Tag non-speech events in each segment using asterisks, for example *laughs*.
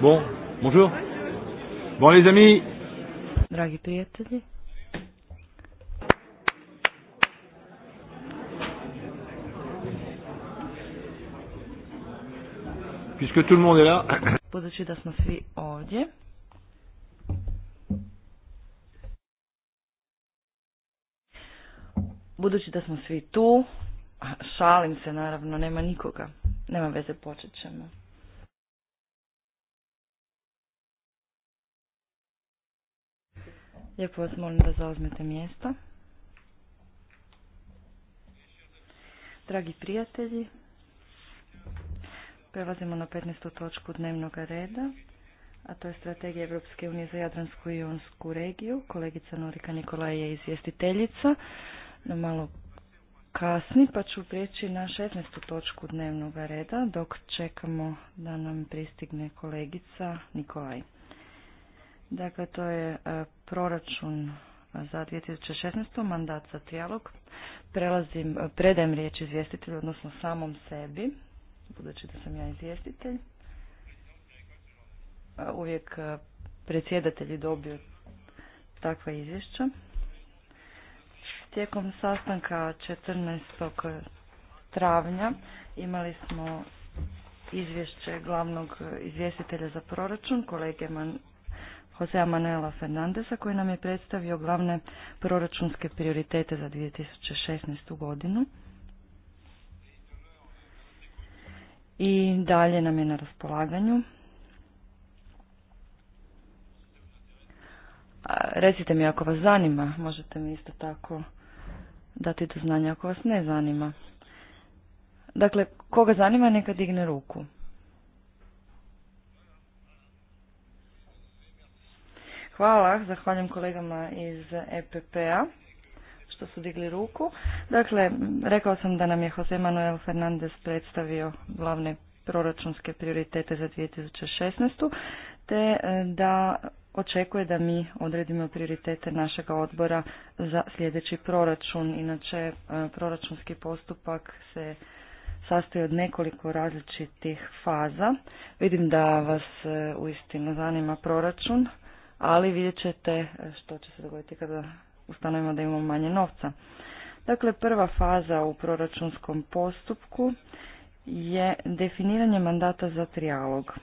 Bon, bonjour. Bon les amis. Dragi prijatelji. Puisque tout le monde est Budući da smo svi ovdje. Budući da smo svi tu, šalim se naravno, nema nikoga. Nema veze, počet Lijepo vas molim da zauzmete mjesta. Dragi prijatelji, prelazimo na 15. točku dnevnog reda, a to je strategija Europske unije za Jadransku i Jonsku regiju. Kolegica Norika Nikolaj je izvjestiteljica. Malo kasni, pa ću prijeći na 16. točku dnevnog reda, dok čekamo da nam pristigne kolegica Nikolaj. Dakle, to je e, proračun za 2016. mandat za trijalog. Prelazim, e, predajem riječ izvjestitelju, odnosno samom sebi, budući da sam ja izvjestitelj. E, uvijek predsjedatelji dobiju takva izvješća. Tijekom sastanka 14. travnja imali smo izvješće glavnog izvjestitelja za proračun, kolege Man Josea Manuela Fernandesa koji nam je predstavio glavne proračunske prioritete za 2016. godinu. I dalje nam je na raspolaganju. Recite mi ako vas zanima, možete mi isto tako dati do znanja ako vas ne zanima. Dakle, koga zanima neka digne ruku. Hvala, zahvaljujem kolegama iz EPP-a što su digli ruku. Dakle, rekao sam da nam je Jose Manuel Fernandez predstavio glavne proračunske prioritete za 2016. te e, da očekuje da mi odredimo prioritete našega odbora za sljedeći proračun. Inače, e, proračunski postupak se sastoji od nekoliko različitih faza. Vidim da vas e, uistinu zanima proračun ali vidjet ćete e, što će se dogoditi kada ustanovimo da imamo manje novca. Dakle, prva faza u proračunskom postupku je definiranje mandata za trijalog.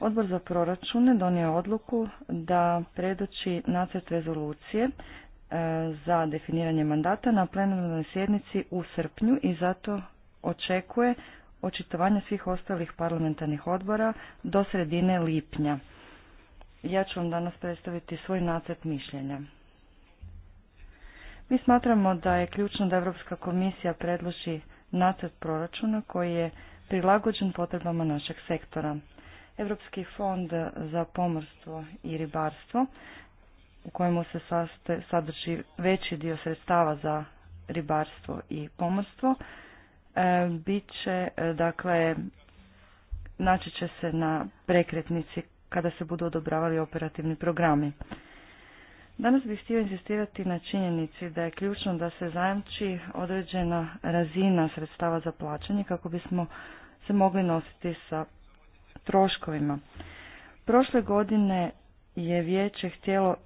Odbor za proračune donio odluku da predoči nacrt rezolucije e, za definiranje mandata na plenarnoj sjednici u srpnju i zato očekuje očitovanje svih ostalih parlamentarnih odbora do sredine lipnja ja ću vam danas predstaviti svoj nacrt mišljenja. Mi smatramo da je ključno da Europska komisija predloži nacrt proračuna koji je prilagođen potrebama našeg sektora. Evropski fond za pomorstvo i ribarstvo u kojemu se sadrži veći dio sredstava za ribarstvo i pomorstvo e, bit će, e, dakle, naći će se na prekretnici kada se budu odobravali operativni programi. Danas bih htio insistirati na činjenici da je ključno da se zajamči određena razina sredstava za plaćanje kako bismo se mogli nositi sa troškovima. Prošle godine je vijeće htjelo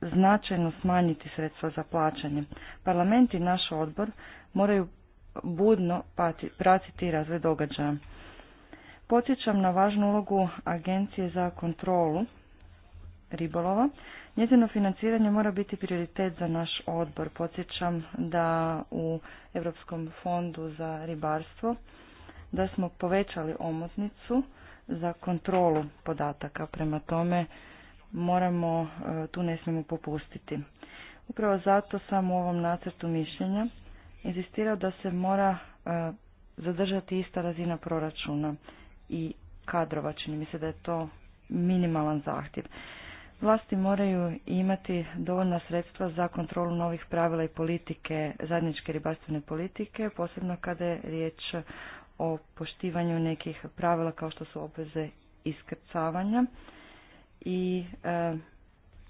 značajno smanjiti sredstva za plaćanje. Parlament i naš odbor moraju budno pratiti razvoj događaja. Podsjećam na važnu ulogu Agencije za kontrolu ribolova. Njezino financiranje mora biti prioritet za naš odbor. Podsjećam da u Europskom fondu za ribarstvo da smo povećali omotnicu za kontrolu podataka. Prema tome moramo, e, tu ne smijemo popustiti. Upravo zato sam u ovom nacrtu mišljenja inzistirao da se mora e, zadržati ista razina proračuna i kadrova. Čini mi se da je to minimalan zahtjev. Vlasti moraju imati dovoljna sredstva za kontrolu novih pravila i politike, zajedničke ribarstvene politike, posebno kada je riječ o poštivanju nekih pravila kao što su obveze iskrcavanja i e,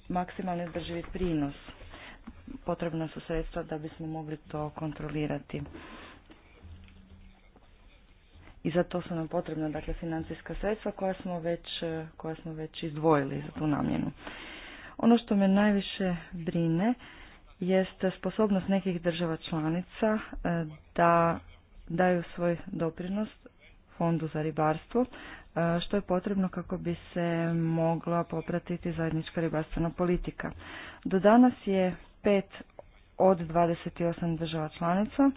maksimalni održivi prinos. Potrebna su sredstva da bismo mogli to kontrolirati i za to su nam potrebna dakle financijska sredstva koja smo već, e, koja smo već izdvojili za tu namjenu. Ono što me najviše brine jest sposobnost nekih država članica e, da daju svoj doprinos fondu za ribarstvo, e, što je potrebno kako bi se mogla popratiti zajednička ribarstvena politika. Do danas je pet od 28 država članica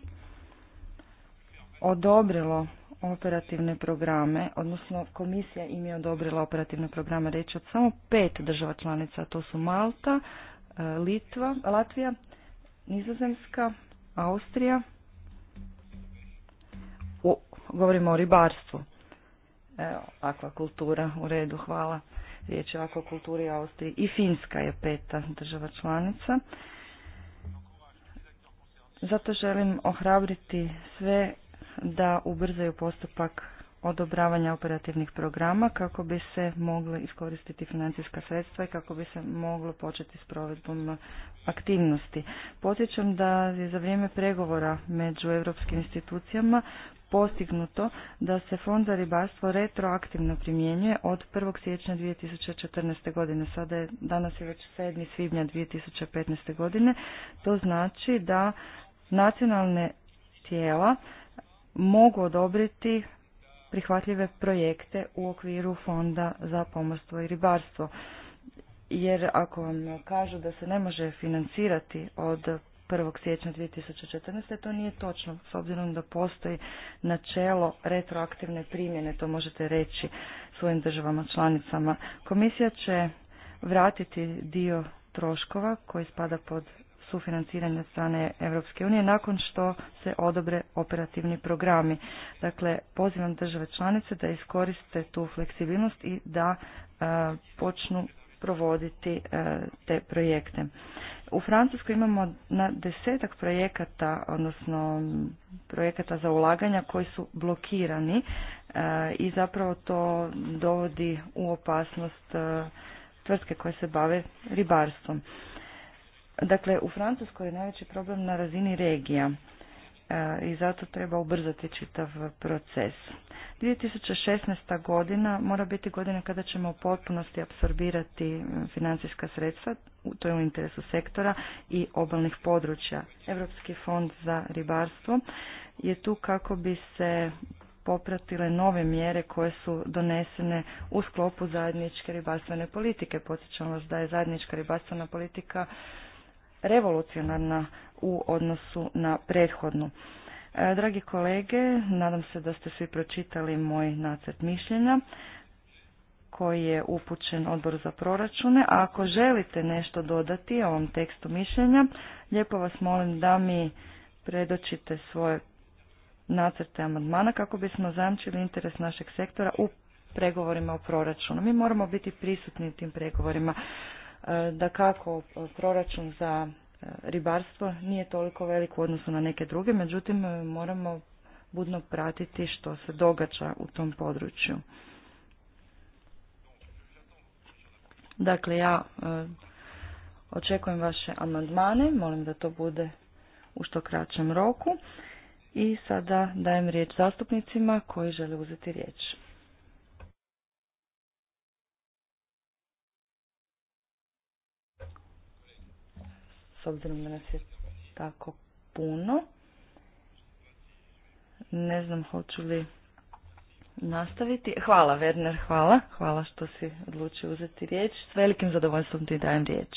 odobrilo operativne programe, odnosno komisija im je odobrila operativne programe reći od samo pet država članica, to su Malta, e, Litva, Latvija, Nizozemska, Austrija. O, govorimo o ribarstvu. Evo, akvakultura, u redu, hvala. Riječ je o akvakulturi Austriji. I Finska je peta država članica. Zato želim ohrabriti sve da ubrzaju postupak odobravanja operativnih programa kako bi se mogli iskoristiti financijska sredstva i kako bi se moglo početi s provedbom aktivnosti. Podsjećam da je za vrijeme pregovora među europskim institucijama postignuto da se fond za ribarstvo retroaktivno primjenjuje od 1. siječnja 2014. godine. Sada je, danas je već 7. svibnja 2015. godine. To znači da nacionalne tijela mogu odobriti prihvatljive projekte u okviru Fonda za pomorstvo i ribarstvo. Jer ako vam kažu da se ne može financirati od 1. siječnja 2014. to nije točno, s obzirom da postoji načelo retroaktivne primjene, to možete reći svojim državama članicama. Komisija će vratiti dio troškova koji spada pod sufinanciranje strane Europske unije nakon što se odobre operativni programi. Dakle, pozivam države članice da iskoriste tu fleksibilnost i da e, počnu provoditi e, te projekte. U Francuskoj imamo na desetak projekata, odnosno projekata za ulaganja koji su blokirani e, i zapravo to dovodi u opasnost tvrtke koje se bave ribarstvom. Dakle, u Francuskoj je najveći problem na razini regija e, i zato treba ubrzati čitav proces. 2016. godina mora biti godina kada ćemo u potpunosti apsorbirati financijska sredstva, to je u interesu sektora i obalnih područja. Europski fond za ribarstvo je tu kako bi se popratile nove mjere koje su donesene u sklopu zajedničke ribarstvene politike. Podsjećam vas da je zajednička ribarstvena politika revolucionarna u odnosu na prethodnu. E, dragi kolege, nadam se da ste svi pročitali moj nacrt mišljenja koji je upućen odboru za proračune. A ako želite nešto dodati ovom tekstu mišljenja, lijepo vas molim da mi predočite svoje nacrte amandmana kako bismo zamčili interes našeg sektora u pregovorima o proračunu. Mi moramo biti prisutni u tim pregovorima. E, da kako proračun za e, ribarstvo nije toliko velik u odnosu na neke druge, međutim e, moramo budno pratiti što se događa u tom području. Dakle, ja očekujem vaše amandmane, molim da to bude u što kraćem roku. I sada dajem riječ zastupnicima koji žele uzeti riječ. obzirom da nas je tako puno. Ne znam hoću li nastaviti. Hvala Werner, hvala. Hvala što si odlučio uzeti riječ. S velikim zadovoljstvom ti dajem riječ.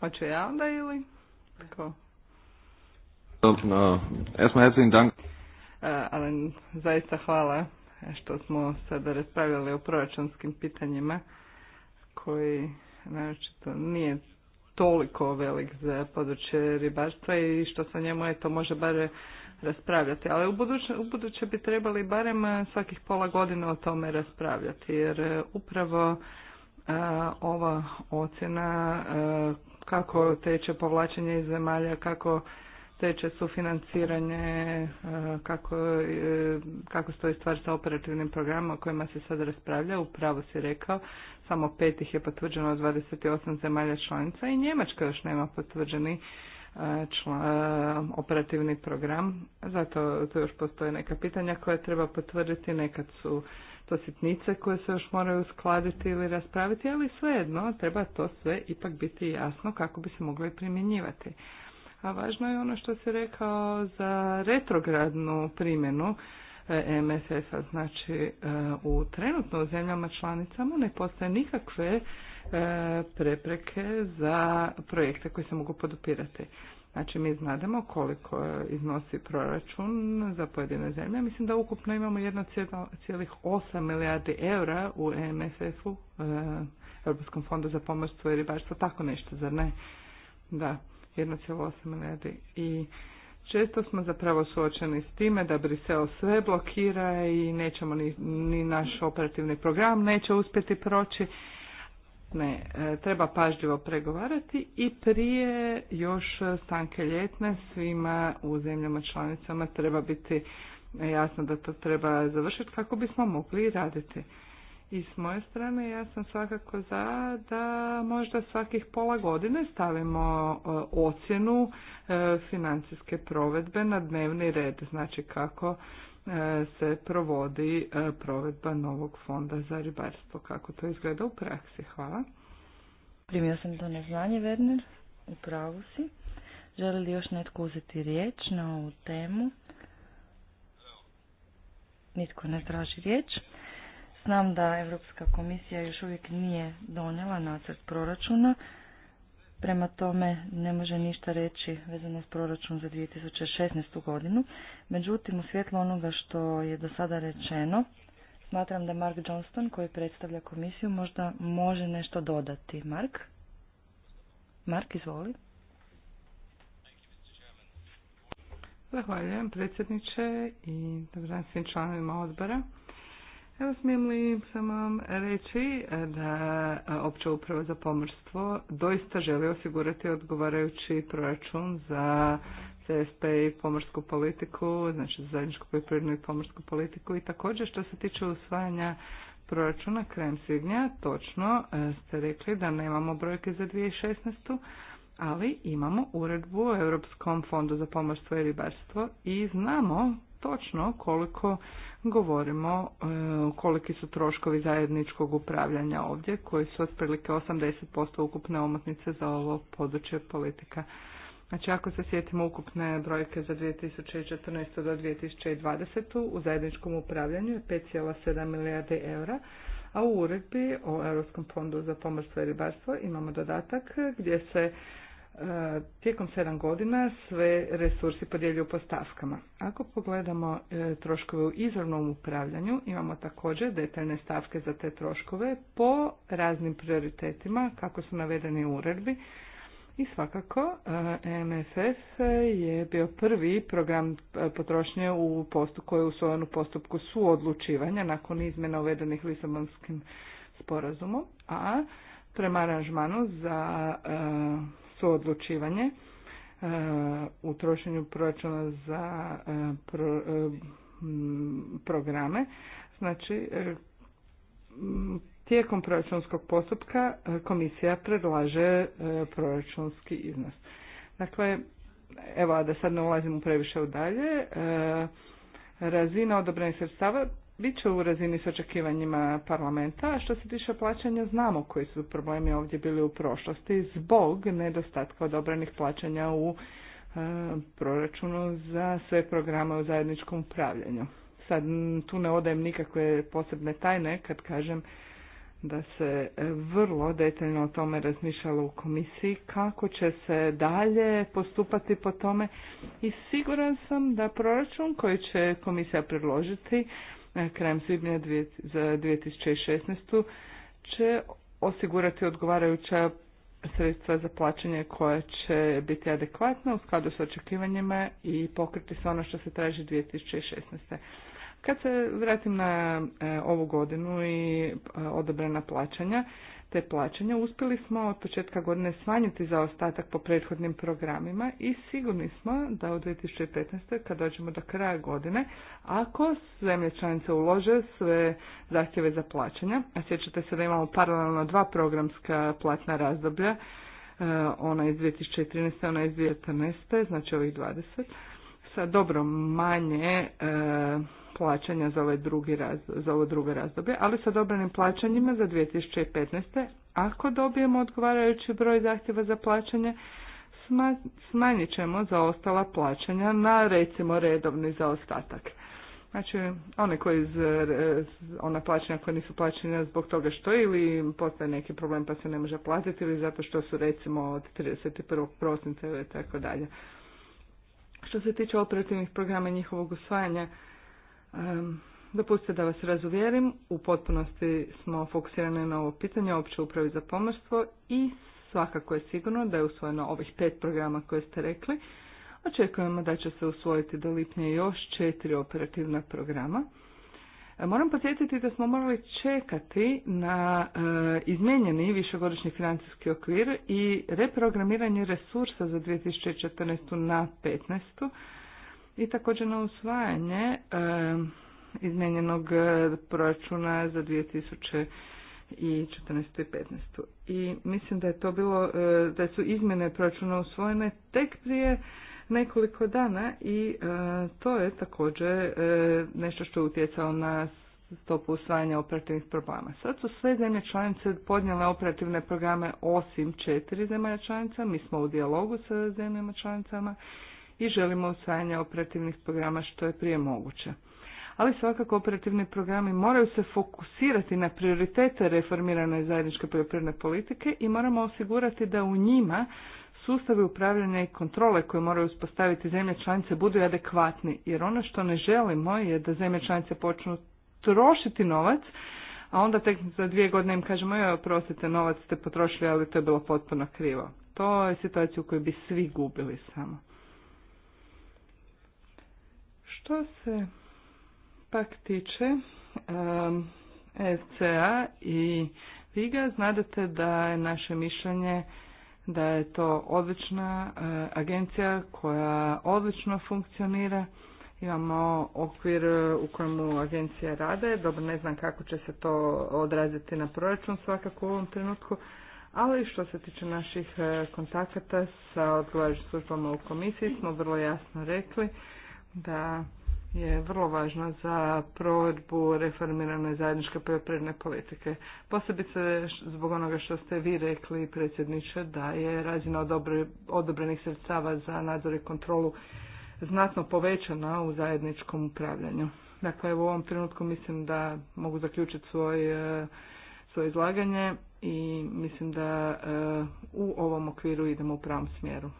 Hoću ja onda ili? Tako. E, ali zaista hvala što smo sada raspravljali o proračunskim pitanjima koji naročito nije toliko velik za područje ribarstva i što sa njemu to može bare raspravljati. Ali u buduće, bi trebali barem eh, svakih pola godina o tome raspravljati jer eh, upravo eh, ova ocjena kako teče povlačenje iz zemalja, kako su sufinanciranje, e, kako, e, kako stoji stvar sa operativnim programom o kojima se sad raspravlja, upravo si rekao, samo pet ih je potvrđeno od 28 zemalja članica i Njemačka još nema potvrđeni e, čla, operativni program, zato tu još postoje neka pitanja koja treba potvrditi, nekad su to sitnice koje se još moraju uskladiti ili raspraviti, ali svejedno treba to sve ipak biti jasno kako bi se moglo i primjenjivati. A važno je ono što se rekao za retrogradnu primjenu e, msf a znači e, u trenutno u zemljama članicama ne postoje nikakve e, prepreke za projekte koji se mogu podupirati. Znači mi znademo koliko iznosi proračun za pojedine zemlje. Mislim da ukupno imamo 1,8 milijardi eura u msf u Europskom fondu za pomorstvo i ribarstvo, tako nešto, zar ne? Da. 1,8 milijardi i često smo zapravo suočeni s time da Brisel sve blokira i nećemo ni, ni naš operativni program neće uspjeti proći. Ne, e, treba pažljivo pregovarati i prije još stanke ljetne svima u zemljama članicama treba biti jasno da to treba završiti kako bismo mogli raditi. I s moje strane ja sam svakako za da možda svakih pola godine stavimo e, ocjenu e, financijske provedbe na dnevni red, znači kako e, se provodi provedba novog fonda za ribarstvo, kako to izgleda u praksi. Hvala. Primio sam to neznanje, Werner, u pravu si. Želi li još netko uzeti riječ na ovu temu? Nitko ne traži riječ. Znam da Europska komisija još uvijek nije donijela nacrt proračuna, prema tome ne može ništa reći vezano s proračun za 2016. godinu. Međutim, u svjetlu onoga što je do sada rečeno, smatram da Mark Johnston, koji predstavlja komisiju, možda može nešto dodati. Mark? Mark, izvoli. Zahvaljujem predsjedniče i dobro svim članovima odbora. Evo smijem li samo vam reći e, da e, opća uprava za pomorstvo doista želi osigurati odgovarajući proračun za CSP i pomorsku politiku, znači za zajedničku poljoprivrednu i pomorsku politiku i također što se tiče usvajanja proračuna krajem svibnja, točno e, ste rekli da nemamo brojke za 2016 ali imamo uredbu o Europskom fondu za pomorstvo i ribarstvo i znamo točno koliko govorimo e, koliki su troškovi zajedničkog upravljanja ovdje koji su otprilike 80% ukupne omotnice za ovo područje politika. Znači ako se sjetimo ukupne brojke za 2014. do 2020. u zajedničkom upravljanju je 5,7 milijardi eura, a u uredbi o Europskom fondu za pomorstvo i ribarstvo imamo dodatak gdje se tijekom sedam godina sve resursi podjeljuju po stavkama. Ako pogledamo e, troškove u izravnom upravljanju, imamo također detaljne stavke za te troškove po raznim prioritetima kako su navedeni u uredbi. I svakako, e, MFF je bio prvi program e, potrošnje u postupku koji je usvojen u postupku suodlučivanja nakon izmjena uvedenih Lisabonskim sporazumom, a prema aranžmanu za odlučivanje e, u trošenju proračuna za e, e, programe. Znači, tijekom proračunskog postupka komisija predlaže proračunski iznos. Dakle, evo da sad ne ulazim previše u dalje, razina odobrenih sredstava bit će u razini s očekivanjima parlamenta, a što se tiče plaćanja znamo koji su problemi ovdje bili u prošlosti zbog nedostatka odobrenih plaćanja u e, proračunu za sve programe u zajedničkom upravljanju. Sad tu ne odajem nikakve posebne tajne kad kažem da se vrlo detaljno o tome razmišljalo u komisiji kako će se dalje postupati po tome i siguran sam da proračun koji će komisija predložiti E, krajem svibnja za 2016. će osigurati odgovarajuća sredstva za plaćanje koja će biti adekvatna u skladu s očekivanjima i pokriti sve ono što se traži 2016. Kad se vratim na e, ovu godinu i e, odobrena plaćanja, te plaćanja uspjeli smo od početka godine smanjiti ostatak po prethodnim programima i sigurni smo da u 2015. kad dođemo do kraja godine, ako zemlje članice ulože sve zahtjeve za plaćanja, a sjećate se da imamo paralelno dva programska platna razdoblja, e, ona iz 2013. ona iz 2014. znači ovih 20, sa dobro manje e, plaćanja za, ovaj drugi raz, za ovo drugo razdoblje, ali sa dobranim plaćanjima za 2015. Ako dobijemo odgovarajući broj zahtjeva za plaćanje, smanjit ćemo zaostala plaćanja na recimo redovni zaostatak. Znači, one koji iz, ona plaćanja koja nisu plaćanja zbog toga što ili postaje neki problem pa se ne može platiti ili zato što su recimo od 31. prosinca ili tako dalje. Što se tiče operativnih programa i njihovog usvajanja, dopustite da vas razuvjerim, u potpunosti smo fokusirani na ovo pitanje opće upravi za pomorstvo i svakako je sigurno da je usvojeno ovih pet programa koje ste rekli. Očekujemo da će se usvojiti do lipnja još četiri operativna programa. E, moram podsjetiti da smo morali čekati na e, izmijenjeni višegodišnji financijski okvir i reprogramiranje resursa za 2014. na 2015. i također na usvajanje e, izmijenjenog e, proračuna za 2014. i 2015. I mislim da je to bilo, e, da su izmjene proračuna usvojene tek prije nekoliko dana i e, to je također e, nešto što je utjecalo na stopu usvajanja operativnih programa. Sad su sve zemlje članice podnijele operativne programe osim četiri zemlje članica. Mi smo u dijalogu sa zemljama članicama i želimo usvajanje operativnih programa što je prije moguće. Ali svakako operativni programi moraju se fokusirati na prioritete reformirane zajedničke poljoprivredne politike i moramo osigurati da u njima sustavi upravljanja i kontrole koje moraju uspostaviti zemlje članice budu adekvatni. Jer ono što ne želimo je da zemlje članice počnu trošiti novac, a onda tek za dvije godine im kažemo, joj, oprostite, novac ste potrošili, ali to je bilo potpuno krivo. To je situacija u kojoj bi svi gubili samo. Što se pak tiče um, FCA i Viga, znadete da je naše mišljenje da je to odlična e, agencija koja odlično funkcionira. Imamo okvir e, u kojemu agencija rade, dobro ne znam kako će se to odraziti na proračun svakako u ovom trenutku, ali što se tiče naših e, kontakata sa odgovarajućim službama u komisiji smo vrlo jasno rekli da je vrlo važna za provedbu reformirane zajedničke poljoprivredne politike. Posebice zbog onoga što ste vi rekli, predsjedniče, da je razina odobrenih sredstava za nadzor i kontrolu znatno povećana u zajedničkom upravljanju. Dakle, u ovom trenutku mislim da mogu zaključiti svoj, e, svoje izlaganje i mislim da e, u ovom okviru idemo u pravom smjeru.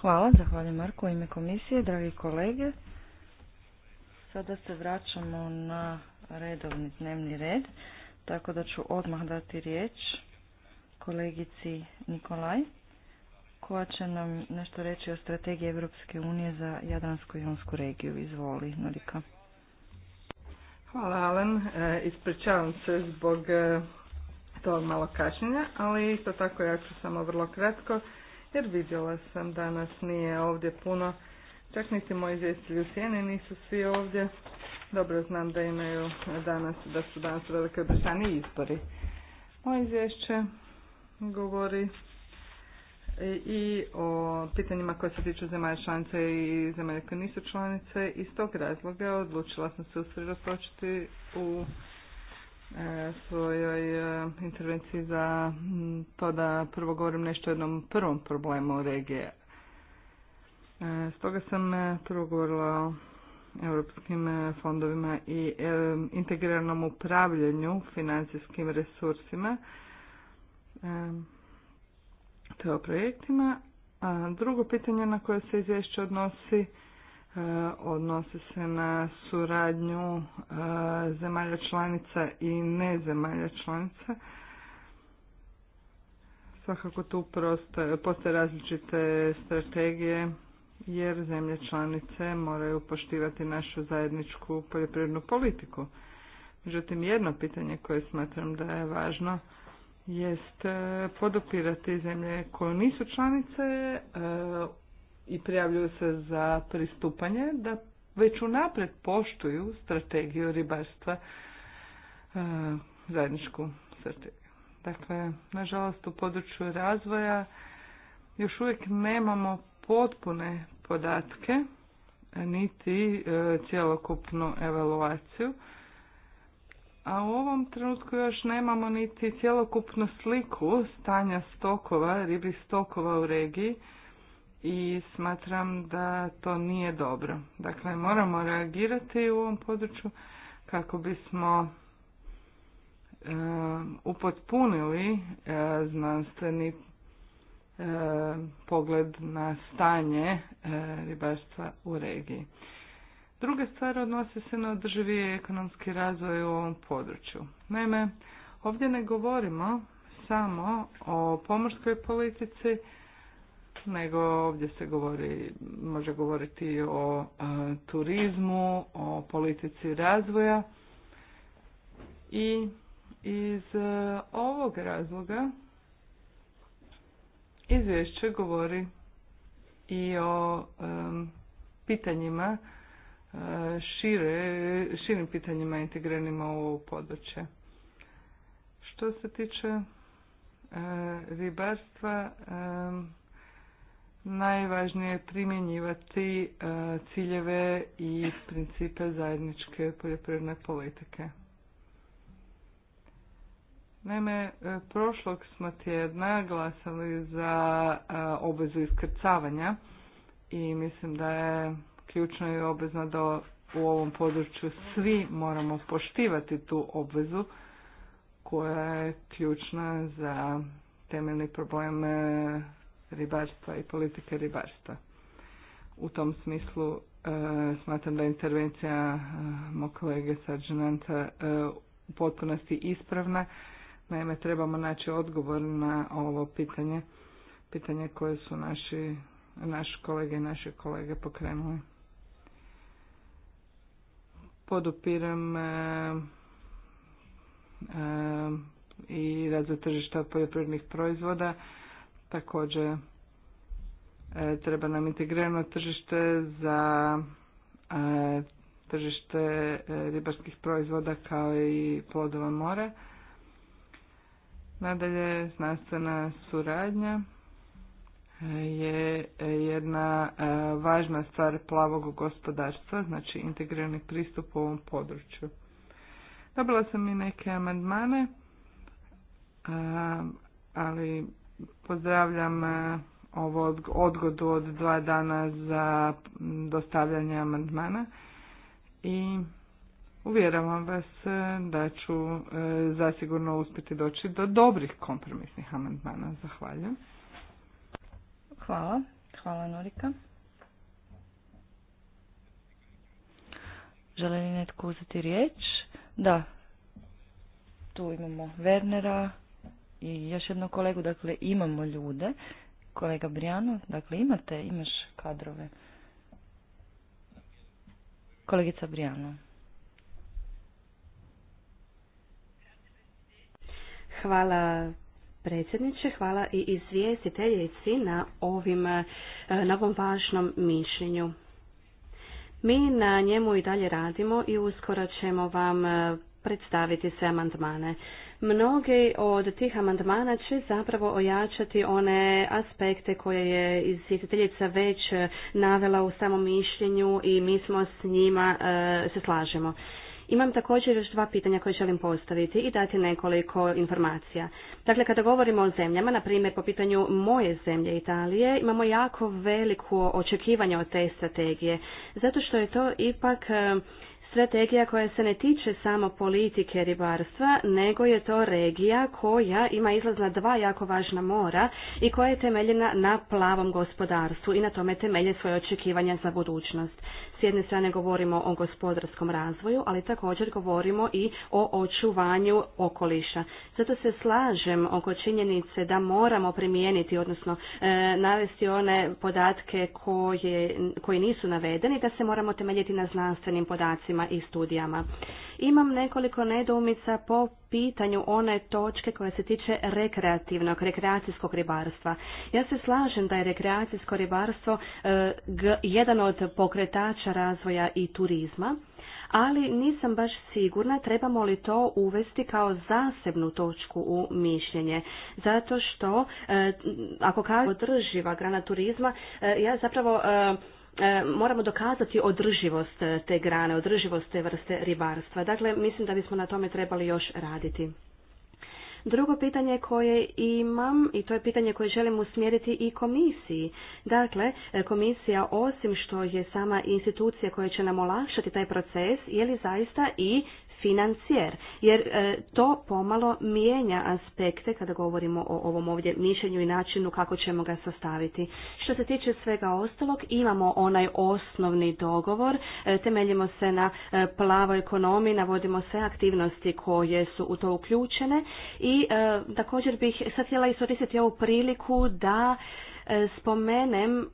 Hvala, zahvaljujem Marku u ime komisije, dragi kolege. Sada se vraćamo na redovni dnevni red, tako da ću odmah dati riječ kolegici Nikolaj, koja će nam nešto reći o strategiji Europske unije za Jadransko-Jonsku regiju. Izvoli, Norika. Hvala, Alen. E, ispričavam se zbog e, tog malo kašnjenja, ali isto tako ja ću samo vrlo kratko, jer vidjela sam danas nije ovdje puno Čak niti moji izvjestitelji u nisu svi ovdje. Dobro znam da imaju danas, da su danas u Velikoj izbori. Moje izvješće govori i o pitanjima koje se tiču zemalja članice i zemalja koje nisu članice. Iz tog razloga odlučila sam se usredotočiti u e, svojoj e, intervenciji za to da prvo govorim nešto o jednom prvom problemu regije, E, stoga sam e, prvo govorila o europskim e, fondovima i integriranom upravljanju financijskim resursima. te o projektima. drugo pitanje na koje se izvješće odnosi odnosi se na suradnju zemalja članica i nezemalja članica. Svakako tu postoje različite strategije jer zemlje članice moraju poštivati našu zajedničku poljoprivrednu politiku. Međutim, jedno pitanje koje smatram da je važno jest e, podupirati zemlje koje nisu članice e, i prijavljuju se za pristupanje da već unaprijed poštuju strategiju ribarstva e, zajedničku strategiju. Dakle, nažalost u području razvoja još uvijek nemamo potpune podatke, niti e, cjelokupnu evaluaciju. A u ovom trenutku još nemamo niti cjelokupnu sliku stanja stokova, ribih stokova u regiji i smatram da to nije dobro. Dakle, moramo reagirati u ovom području kako bismo e, upotpunili e, znanstveni E, pogled na stanje e, ribarstva u regiji. Druga stvar odnosi se na održivi ekonomski razvoj u ovom području. Naime, ovdje ne govorimo samo o pomorskoj politici, nego ovdje se govori, može govoriti o e, turizmu, o politici razvoja. I iz ovog razloga izvješće govori i o pitanjima e, šire, širim pitanjima integranima u ovo područje. Što se tiče e, ribarstva, najvažnije je primjenjivati e, ciljeve i principe zajedničke poljoprivredne politike. Naime, e, prošlog smo tjedna glasali za e, obvezu iskrcavanja i mislim da je ključno i obvezno da u ovom području svi moramo poštivati tu obvezu koja je ključna za temeljni problem e, ribarstva i politike ribarstva. U tom smislu smatram da je intervencija e, mog kolege Sarđenanta u potpunosti ispravna Naime, trebamo naći odgovor na ovo pitanje, pitanje koje su naši, naši kolege i naše kolege pokrenuli. Podupiram e, e, i razvoj tržišta poljoprivrednih proizvoda. Također e, treba nam integrirano tržište za tržište ribarskih proizvoda kao i plodova mora. Nadalje, znanstvena suradnja je jedna e, važna stvar plavog gospodarstva, znači integrirani pristup u ovom području. Dobila sam i neke amandmane, e, ali pozdravljam e, ovo odgodu od dva dana za dostavljanje amandmana i Uvjeravam vas e, da ću e, zasigurno uspjeti doći do dobrih kompromisnih amandmana. Zahvaljujem. Hvala. Hvala Norika. Žele li netko uzeti riječ? Da. Tu imamo Wernera i još jednu kolegu. Dakle, imamo ljude. Kolega Brijano, dakle, imate, imaš kadrove. Kolegica Brijano. Hvala predsjedniče, hvala i izvjestiteljici na ovim, e, novom važnom mišljenju. Mi na njemu i dalje radimo i uskoro ćemo vam e, predstaviti sve amandmane. Mnogi od tih amandmana će zapravo ojačati one aspekte koje je izvjestiteljica već e, navela u samom mišljenju i mi smo s njima se slažemo. Imam također još dva pitanja koje želim postaviti i dati nekoliko informacija. Dakle, kada govorimo o zemljama, na primjer po pitanju moje zemlje Italije, imamo jako veliko očekivanje od te strategije, zato što je to ipak strategija koja se ne tiče samo politike ribarstva, nego je to regija koja ima izlazna dva jako važna mora i koja je temeljena na plavom gospodarstvu i na tome temelje svoje očekivanja za budućnost. S jedne strane govorimo o gospodarskom razvoju, ali također govorimo i o očuvanju okoliša. Zato se slažem oko činjenice da moramo primijeniti, odnosno e, navesti one podatke koje, koji nisu navedeni, da se moramo temeljiti na znanstvenim podacima i studijama. Imam nekoliko nedoumica po pitanju one točke koja se tiče rekreativnog, rekreacijskog ribarstva. Ja se slažem da je rekreacijsko ribarstvo e, jedan od pokretača razvoja i turizma, ali nisam baš sigurna trebamo li to uvesti kao zasebnu točku u mišljenje. Zato što, e, ako kažem održiva grana turizma, e, ja zapravo E, moramo dokazati održivost e, te grane, održivost te vrste ribarstva. Dakle, mislim da bismo na tome trebali još raditi. Drugo pitanje koje imam i to je pitanje koje želim usmjeriti i komisiji. Dakle, e, komisija osim što je sama institucija koja će nam olakšati taj proces, je li zaista i financijer, jer e, to pomalo mijenja aspekte kada govorimo o ovom ovdje mišljenju i načinu kako ćemo ga sastaviti. Što se tiče svega ostalog, imamo onaj osnovni dogovor, e, temeljimo se na e, plavoj ekonomiji, navodimo sve aktivnosti koje su u to uključene i također bih sad htjela iskoristiti ovu priliku da spomenem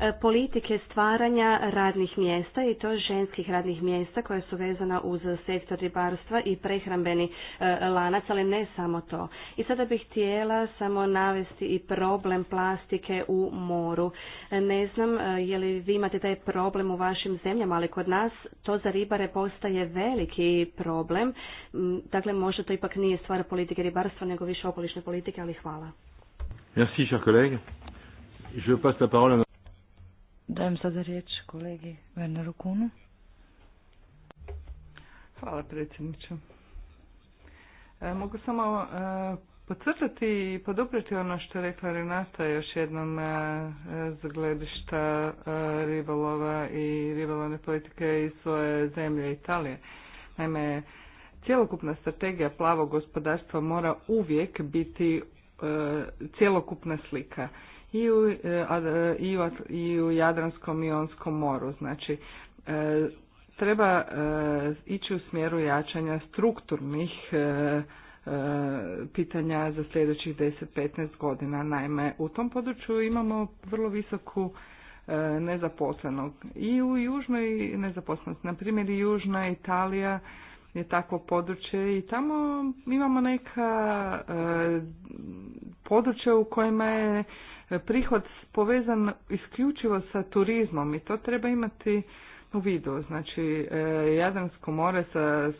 E, politike stvaranja radnih mjesta i to ženskih radnih mjesta koja su vezana uz sektor ribarstva i prehrambeni e, lanac, ali ne samo to. I sada bih htjela samo navesti i problem plastike u moru. E, ne znam je li vi imate taj problem u vašim zemljama, ali kod nas to za ribare postaje veliki problem. Mm, dakle, možda to ipak nije stvar politike ribarstva, nego više okolišne politike, ali hvala. Merci, Dajem sada riječ kolegi Werneru Kunu. Hvala predsjedniče. E, mogu samo e, podcrtati i podupriti ono što je rekla Renata još jednom e, zagledišta gledišta e, ribolova i ribolovne politike iz svoje zemlje Italije. Naime, cjelokupna strategija plavog gospodarstva mora uvijek biti e, cjelokupna slika i u, e, e, i u Jadranskom i Onskom moru. Znači, e, treba ići u smjeru jačanja strukturnih pitanja za sljedećih 10-15 godina. Naime, u tom području imamo vrlo visoku nezaposlenog. I u južnoj nezaposlenosti, na primjer i južna Italija je takvo područje i tamo imamo neka područja u kojima je Dakle, prihod povezan isključivo sa turizmom i to treba imati u vidu. Znači, e, Jadransko more sa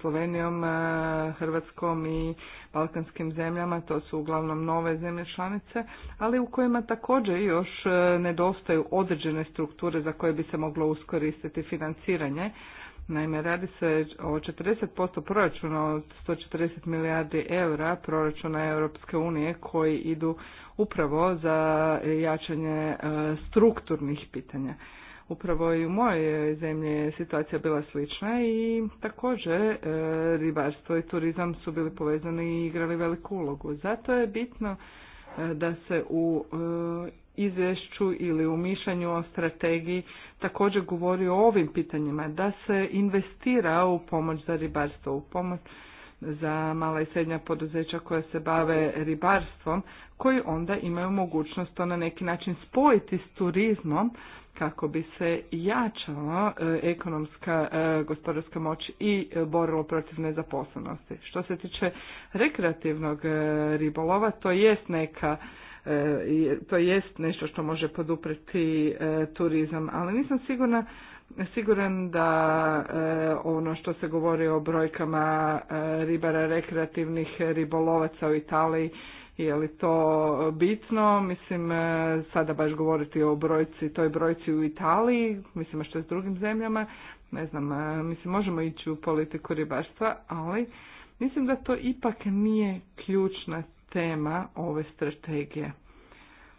Slovenijom, e, Hrvatskom i Balkanskim zemljama, to su uglavnom nove zemlje članice, ali u kojima također još e, nedostaju određene strukture za koje bi se moglo uskoristiti financiranje, Naime, radi se o 40% proračuna od 140 milijardi eura proračuna Europske unije koji idu upravo za jačanje e, strukturnih pitanja. Upravo i u mojoj zemlji je situacija bila slična i također e, ribarstvo i turizam su bili povezani i igrali veliku ulogu. Zato je bitno e, da se u izvješću ili u mišljenju o strategiji također govori o ovim pitanjima, da se investira u pomoć za ribarstvo, u pomoć za mala i srednja poduzeća koja se bave ribarstvom, koji onda imaju mogućnost to na neki način spojiti s turizmom kako bi se jačala e, ekonomska e, gospodarska moć i borilo protiv nezaposlenosti. Što se tiče rekreativnog e, ribolova, to jest neka E, to jest nešto što može podupreti e, turizam, ali nisam sigurna siguran da e, ono što se govori o brojkama ribara rekreativnih ribolovaca u Italiji je li to bitno, mislim sada baš govoriti o brojci, toj brojci u Italiji, mislim što je s drugim zemljama, ne znam, mislim možemo ići u politiku ribarstva, ali mislim da to ipak nije ključna tema ove strategije.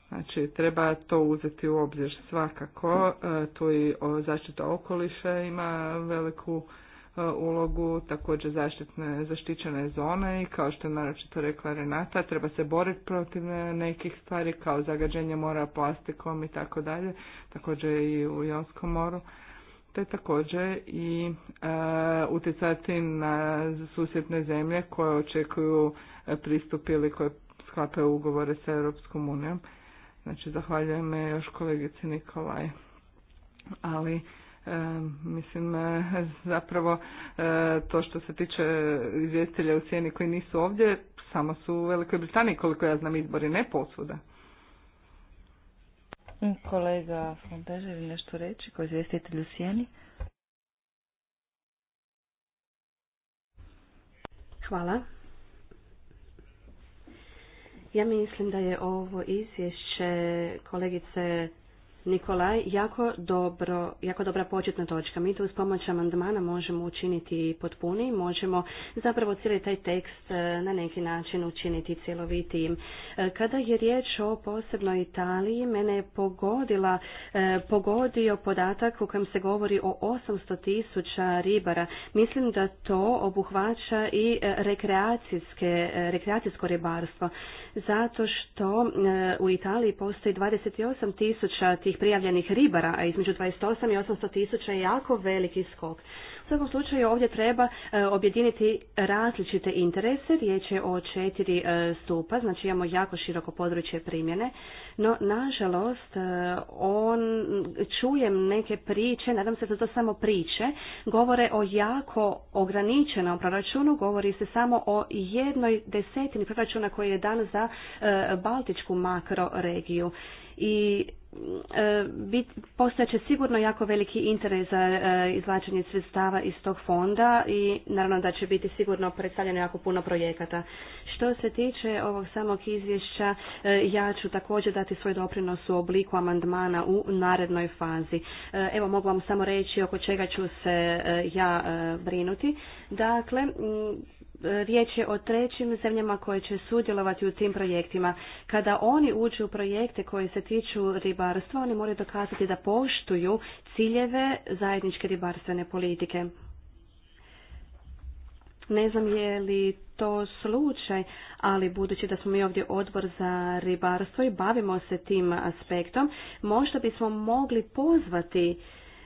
Znači, treba to uzeti u obzir svakako. E, tu i zaštita okoliša ima veliku e, ulogu, također zaštitne, zaštićene zone i kao što je naročito rekla Renata, treba se boriti protiv nekih stvari kao zagađenje mora plastikom i tako dalje, također i u Jonskom moru, te također i e, utjecati na susjedne zemlje koje očekuju pristup ili koje sklapaju ugovore sa Europskom unijom. Znači, zahvaljujem me još kolegici Nikolaj. Ali, e, mislim, e, zapravo e, to što se tiče izvjestitelja u cijeni koji nisu ovdje, samo su u Velikoj Britaniji, koliko ja znam, izbori ne posvuda. Kolega Fonteže, ili nešto reći koji izvjestitelj u Hvala. Ja mislim da je ovo izvješće kolegice Nikolaj, jako, dobro, jako dobra početna točka. Mi tu s pomoć amandmana možemo učiniti potpuni, možemo zapravo cijeli taj tekst e, na neki način učiniti cjelovitijim. E, kada je riječ o posebnoj Italiji, mene je pogodila, e, pogodio podatak u kojem se govori o 800 tisuća ribara. Mislim da to obuhvaća i rekreacijske, rekreacijsko ribarstvo, zato što u Italiji postoji 28 tisuća tih prijavljenih ribara, a između 28 i 800 tisuća je jako veliki skok. U svakom slučaju ovdje treba e, objediniti različite interese, riječ je o četiri e, stupa, znači imamo jako široko područje primjene, no nažalost e, on, čujem neke priče, nadam se da to samo priče, govore o jako ograničenom proračunu, govori se samo o jednoj desetini proračuna koji je dan za Baltičku makroregiju i e, bit, će sigurno jako veliki interes za e, izvlačenje sredstava iz tog fonda i naravno da će biti sigurno predstavljeno jako puno projekata. Što se tiče ovog samog izvješća, e, ja ću također dati svoj doprinos u obliku amandmana u narednoj fazi. Evo mogu vam samo reći oko čega ću se ja brinuti. Dakle, riječ je o trećim zemljama koje će sudjelovati u tim projektima. Kada oni uđu u projekte koji se tiču ribarstva, oni moraju dokazati da poštuju ciljeve zajedničke ribarstvene politike. Ne znam je li to slučaj, ali budući da smo mi ovdje odbor za ribarstvo i bavimo se tim aspektom, možda bismo mogli pozvati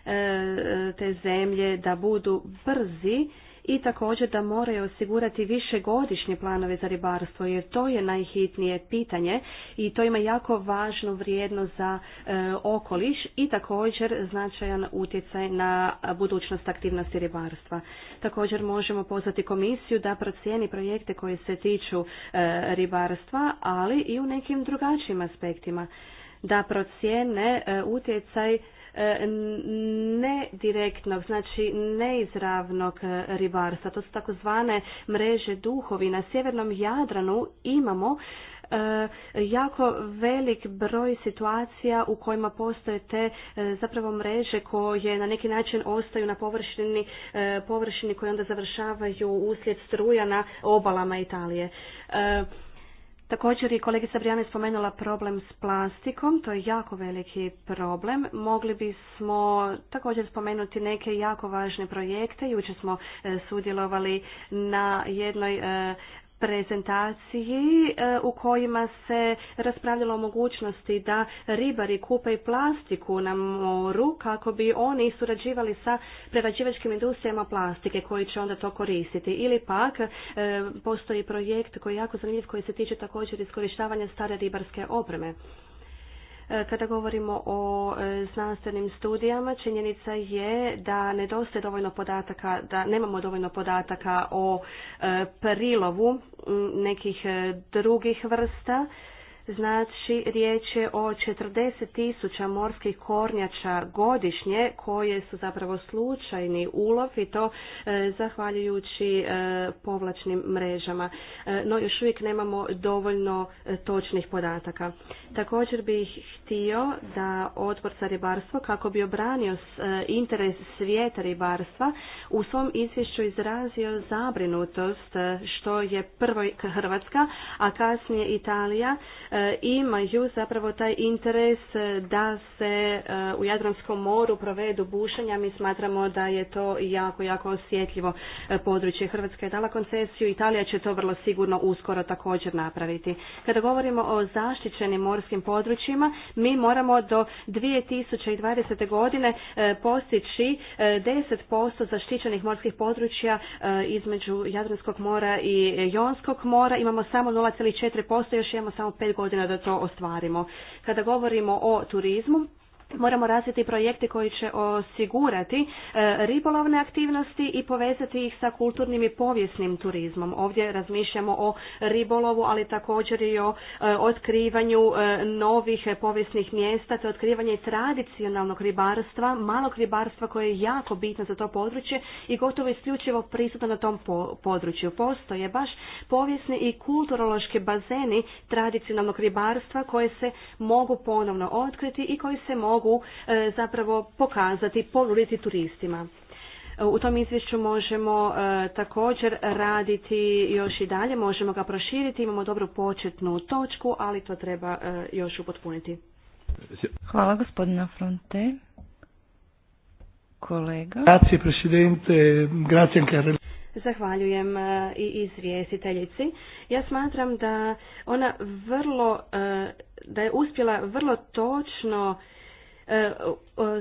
e, e, te zemlje da budu brzi i također da moraju osigurati višegodišnje planove za ribarstvo jer to je najhitnije pitanje i to ima jako važnu vrijednost za e, okoliš i također značajan utjecaj na budućnost aktivnosti ribarstva. Također možemo pozvati komisiju da procijeni projekte koje se tiču e, ribarstva, ali i u nekim drugačijim aspektima da procijene e, utjecaj E, nedirektnog, znači neizravnog e, ribarstva. To su takozvane mreže duhovi. Na sjevernom Jadranu imamo e, jako velik broj situacija u kojima postoje te zapravo mreže koje na neki način ostaju na površini, površini koje onda završavaju uslijed struja na obalama Italije. Također i kolegica Brijana je spomenula problem s plastikom, to je jako veliki problem. Mogli bismo također spomenuti neke jako važne projekte. Jučer smo e, sudjelovali na jednoj e, prezentaciji e, u kojima se raspravljalo o mogućnosti da ribari kupe i plastiku na moru kako bi oni surađivali sa prerađivačkim industrijama plastike koji će onda to koristiti. Ili pak e, postoji projekt koji je jako zanimljiv koji se tiče također iskorištavanja stare ribarske opreme. E, kada govorimo o e, znanstvenim studijama, činjenica je da nedostaje dovoljno podataka, da nemamo dovoljno podataka o e, prilovu nekih drugih vrsta Znači, riječ je o 40.000 tisuća morskih kornjača godišnje koje su zapravo slučajni ulov i to e, zahvaljujući e, povlačnim mrežama. E, no, još uvijek nemamo dovoljno e, točnih podataka. Također bih htio da odbor za ribarstvo, kako bi obranio interes svijeta ribarstva, u svom izvješću izrazio zabrinutost što je prvo Hrvatska, a kasnije Italija, imaju zapravo taj interes da se e, u Jadranskom moru provedu bušenja. Mi smatramo da je to jako, jako osjetljivo e, područje. Hrvatska je dala koncesiju, Italija će to vrlo sigurno uskoro također napraviti. Kada govorimo o zaštićenim morskim područjima, mi moramo do 2020. godine e, postići 10% zaštićenih morskih područja između Jadranskog mora i Jonskog mora. Imamo samo 0,4%, još imamo samo 5 godina da to ostvarimo. Kada govorimo o turizmu, Moramo razviti projekte koji će osigurati e, ribolovne aktivnosti i povezati ih sa kulturnim i povijesnim turizmom. Ovdje razmišljamo o ribolovu, ali također i o e, otkrivanju e, novih povijesnih mjesta, te otkrivanje tradicionalnog ribarstva, malog ribarstva koje je jako bitno za to područje i gotovo isključivo prisutno na tom području. Postoje baš povijesni i kulturološki bazeni tradicionalnog ribarstva koje se mogu ponovno otkriti i koji se mogu mogu e, zapravo pokazati, ponuditi turistima. E, u tom izvješću možemo e, također raditi još i dalje, možemo ga proširiti, imamo dobru početnu točku, ali to treba još upotpuniti. Hvala gospodina Fronte. Kolega. Grazie presidente, grazie anche Zahvaljujem i izvjestiteljici. Ja smatram da ona vrlo, da je uspjela vrlo točno E,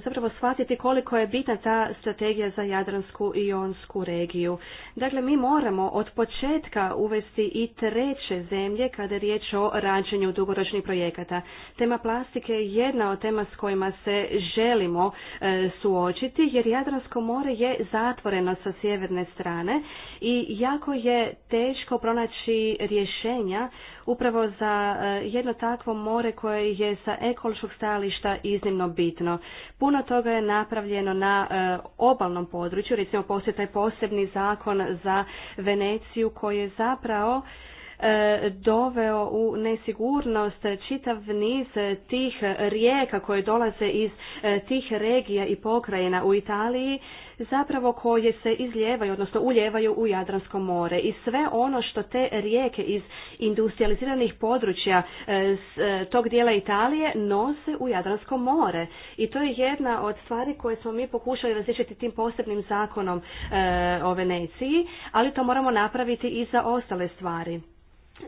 zapravo shvatiti koliko je bitna ta strategija za Jadransku i Jonsku regiju. Dakle, mi moramo od početka uvesti i treće zemlje kada je riječ o rađenju dugoročnih projekata. Tema plastike je jedna od tema s kojima se želimo e, suočiti jer Jadransko more je zatvoreno sa sjeverne strane i jako je teško pronaći rješenja upravo za e, jedno takvo more koje je sa ekološkog stajališta iznimno bitno. Puno toga je napravljeno na e, obalnom području, recimo postoji taj posebni zakon za Veneciju koji je zapravo e, doveo u nesigurnost čitav niz tih rijeka koje dolaze iz tih regija i pokrajina u Italiji zapravo koje se izljevaju, odnosno uljevaju u Jadransko more. I sve ono što te rijeke iz industrializiranih područja e, e, tog dijela Italije nose u Jadransko more. I to je jedna od stvari koje smo mi pokušali različiti tim posebnim zakonom e, o Veneciji, ali to moramo napraviti i za ostale stvari.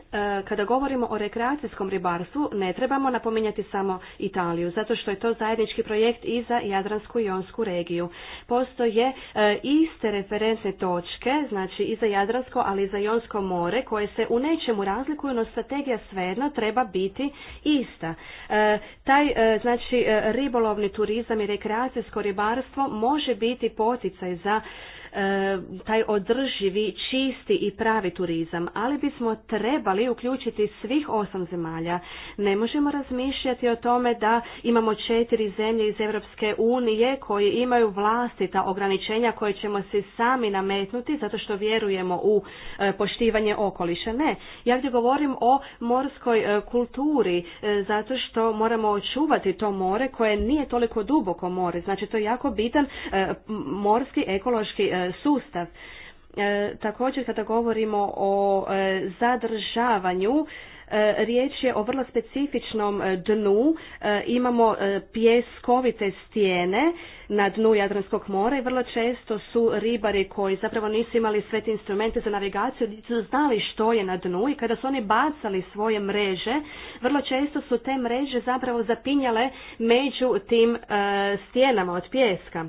E, kada govorimo o rekreacijskom ribarstvu ne trebamo napominjati samo Italiju, zato što je to zajednički projekt i za Jadransku i Jonsku regiju. Postoje e, iste referentne točke, znači i za Jadransko, ali i za Jonsko more, koje se u nečemu razlikuju, no strategija svejedno treba biti ista. E, taj, znači, ribolovni turizam i rekreacijsko ribarstvo može biti poticaj za E, taj održivi, čisti i pravi turizam, ali bismo trebali uključiti svih osam zemalja. Ne možemo razmišljati o tome da imamo četiri zemlje iz Europske unije koje imaju vlastita ograničenja koje ćemo se sami nametnuti zato što vjerujemo u e, poštivanje okoliša. Ne, ja ovdje govorim o morskoj e, kulturi zato što moramo očuvati to more koje nije toliko duboko more. Znači to je jako bitan morski ekološki sustav. E, također kada govorimo o e, zadržavanju, e, riječ je o vrlo specifičnom dnu. Imamo pjeskovite stijene na dnu Jadranskog mora i vrlo često su ribari koji zapravo nisu imali sve te instrumente za navigaciju, nisu znali što je na dnu i kada su oni bacali svoje mreže, vrlo često su te mreže zapravo zapinjale među tim stijenama od pjeska.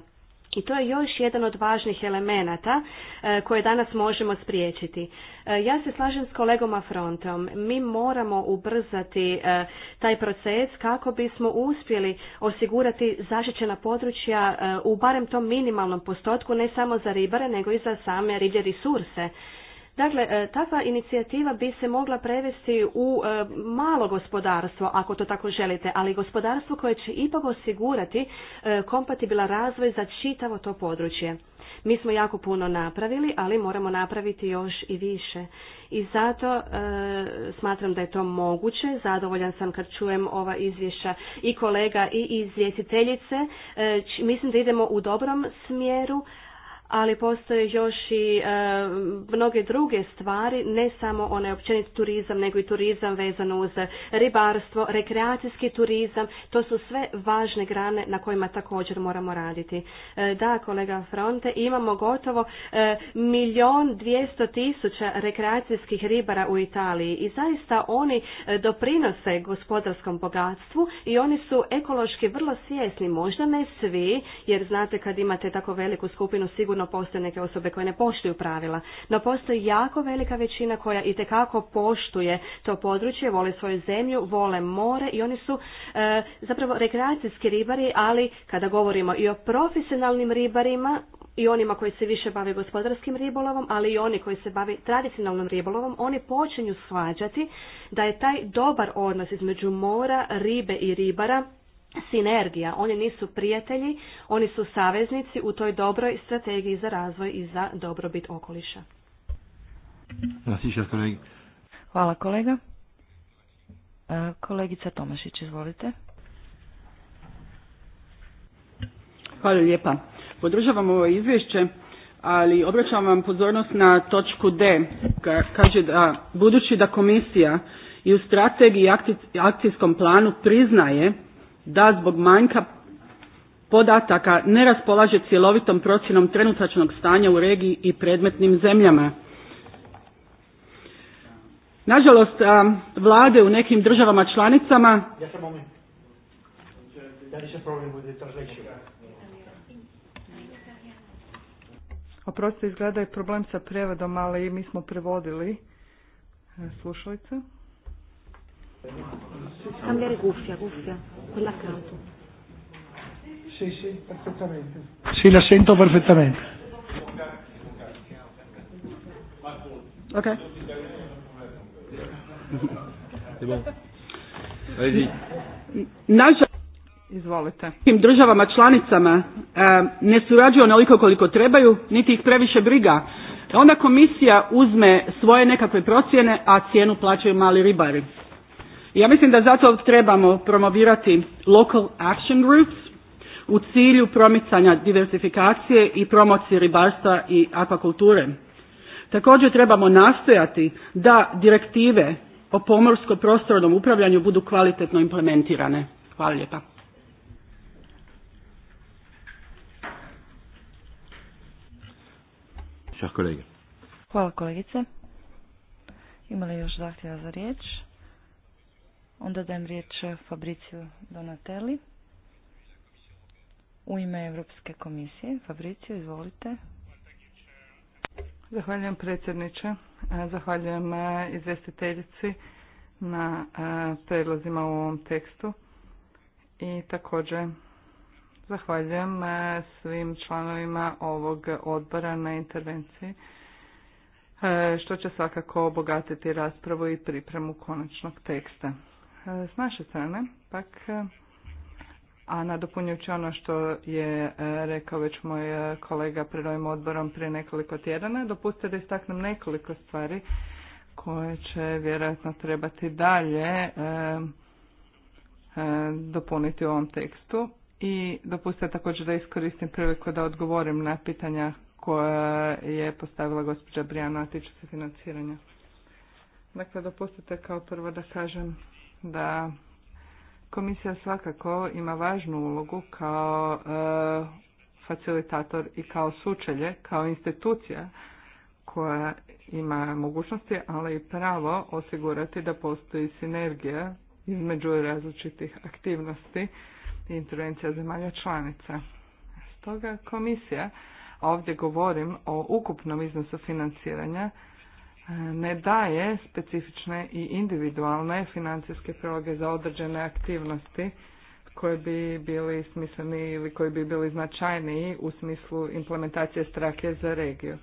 I to je još jedan od važnih elemenata e, koje danas možemo spriječiti. E, ja se slažem s kolegom Afrontom. Mi moramo ubrzati e, taj proces kako bismo uspjeli osigurati zaštićena područja u barem tom minimalnom postotku, ne samo za ribare, nego i za same riblje resurse Dakle, e, takva inicijativa bi se mogla prevesti u e, malo gospodarstvo, ako to tako želite, ali gospodarstvo koje će ipak osigurati e, kompatibilan razvoj za čitavo to područje. Mi smo jako puno napravili, ali moramo napraviti još i više. I zato smatram da je to moguće. Zadovoljan sam kad čujem ova izvješća i kolega i izvjestiteljice. mislim da idemo u dobrom smjeru, ali postoje još i e, mnoge druge stvari, ne samo onaj općenit turizam, nego i turizam vezan uz ribarstvo, rekreacijski turizam, to su sve važne grane na kojima također moramo raditi. E, da, kolega Fronte, imamo gotovo e, milijon dvijesto tisuća rekreacijskih ribara u Italiji i zaista oni doprinose gospodarskom bogatstvu i oni su ekološki vrlo svjesni, možda ne svi, jer znate kad imate tako veliku skupinu sigurno sigurno postoje neke osobe koje ne poštuju pravila, no postoji jako velika većina koja itekako poštuje to područje, vole svoju zemlju, vole more i oni su e, zapravo rekreacijski ribari, ali kada govorimo i o profesionalnim ribarima i onima koji se više bave gospodarskim ribolovom, ali i oni koji se bave tradicionalnim ribolovom, oni počinju svađati da je taj dobar odnos između mora, ribe i ribara sinergija. Oni nisu prijatelji, oni su saveznici u toj dobroj strategiji za razvoj i za dobrobit okoliša. Hvala kolega. E, kolegica Tomašić, izvolite. Hvala lijepa. Podržavam ovo izvješće, ali obraćam vam pozornost na točku D. Kaže da, budući da komisija i u strategiji i akcijskom planu priznaje da zbog manjka podataka ne raspolaže cjelovitom procjenom trenutačnog stanja u regiji i predmetnim zemljama. Nažalost, vlade u nekim državama članicama... Oprosti, izgleda je problem sa prevodom, ali mi smo prevodili e, slušalice. Cambiare cuffia, cuffia, quella accanto. Sì, sì, perfettamente. Sì, la sento perfettamente. Ok. Nažalost, Izvolite. državama članicama ne surađuju onoliko koliko trebaju, niti ih previše briga. Onda komisija uzme svoje nekakve procjene, a cijenu plaćaju mali ribari. Ja mislim da zato trebamo promovirati local action groups u cilju promicanja diversifikacije i promocije ribarstva i akvakulture. Također trebamo nastojati da direktive o pomorsko prostornom upravljanju budu kvalitetno implementirane. Hvala lijepa. Hvala kolegice. Ima još zahtjeva za riječ? Onda dajem riječ Fabriciju Donatelli. U ime Europske komisije. Fabriciju, izvolite. Zahvaljujem predsjedniče. E, zahvaljujem e, izvjestiteljici na e, prijedlozima u ovom tekstu. I također zahvaljujem svim članovima ovog odbora na intervenciji što će svakako obogatiti raspravu i pripremu konačnog teksta. E, s naše strane, pak e, a nadopunjujući ono što je e, rekao već moj kolega pred ovim odborom prije nekoliko tjedana, dopustite da istaknem nekoliko stvari koje će vjerojatno trebati dalje dopuniti u ovom tekstu i dopustite također da iskoristim priliku da odgovorim na pitanja koja je postavila gospođa Brijana, a tiče se financiranja. Dakle, dopustite kao prvo da kažem da komisija svakako ima važnu ulogu kao e, facilitator i kao sučelje, kao institucija koja ima mogućnosti, ali i pravo osigurati da postoji sinergija između različitih aktivnosti i intervencija zemalja članica. Stoga komisija, ovdje govorim o ukupnom iznosu financiranja, ne daje specifične i individualne financijske priloge za određene aktivnosti koje bi bili smisleni ili koji bi bili značajniji u smislu implementacije strake za regiju.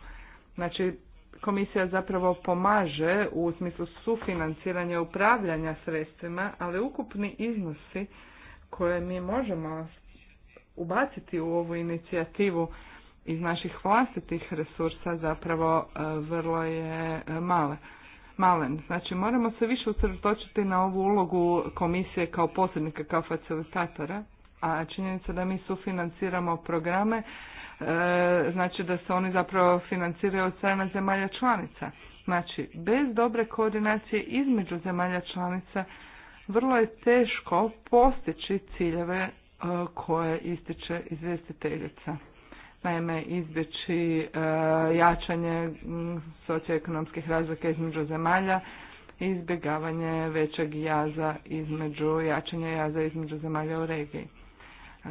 Znači, komisija zapravo pomaže u smislu sufinanciranja upravljanja sredstvima, ali ukupni iznosi koje mi možemo ubaciti u ovu inicijativu iz naših vlastitih resursa zapravo e, vrlo je e, male. Malen. Znači moramo se više usredotočiti na ovu ulogu komisije kao posrednika, kao facilitatora, a činjenica da mi sufinanciramo programe e, znači da se oni zapravo financiraju od strana zemalja članica. Znači, bez dobre koordinacije između zemalja članica vrlo je teško postići ciljeve koje ističe izvjestiteljica naime izbjeći e, jačanje socioekonomskih razlika između zemalja i izbjegavanje većeg jaza između, jačanja jaza između zemalja u regiji. E,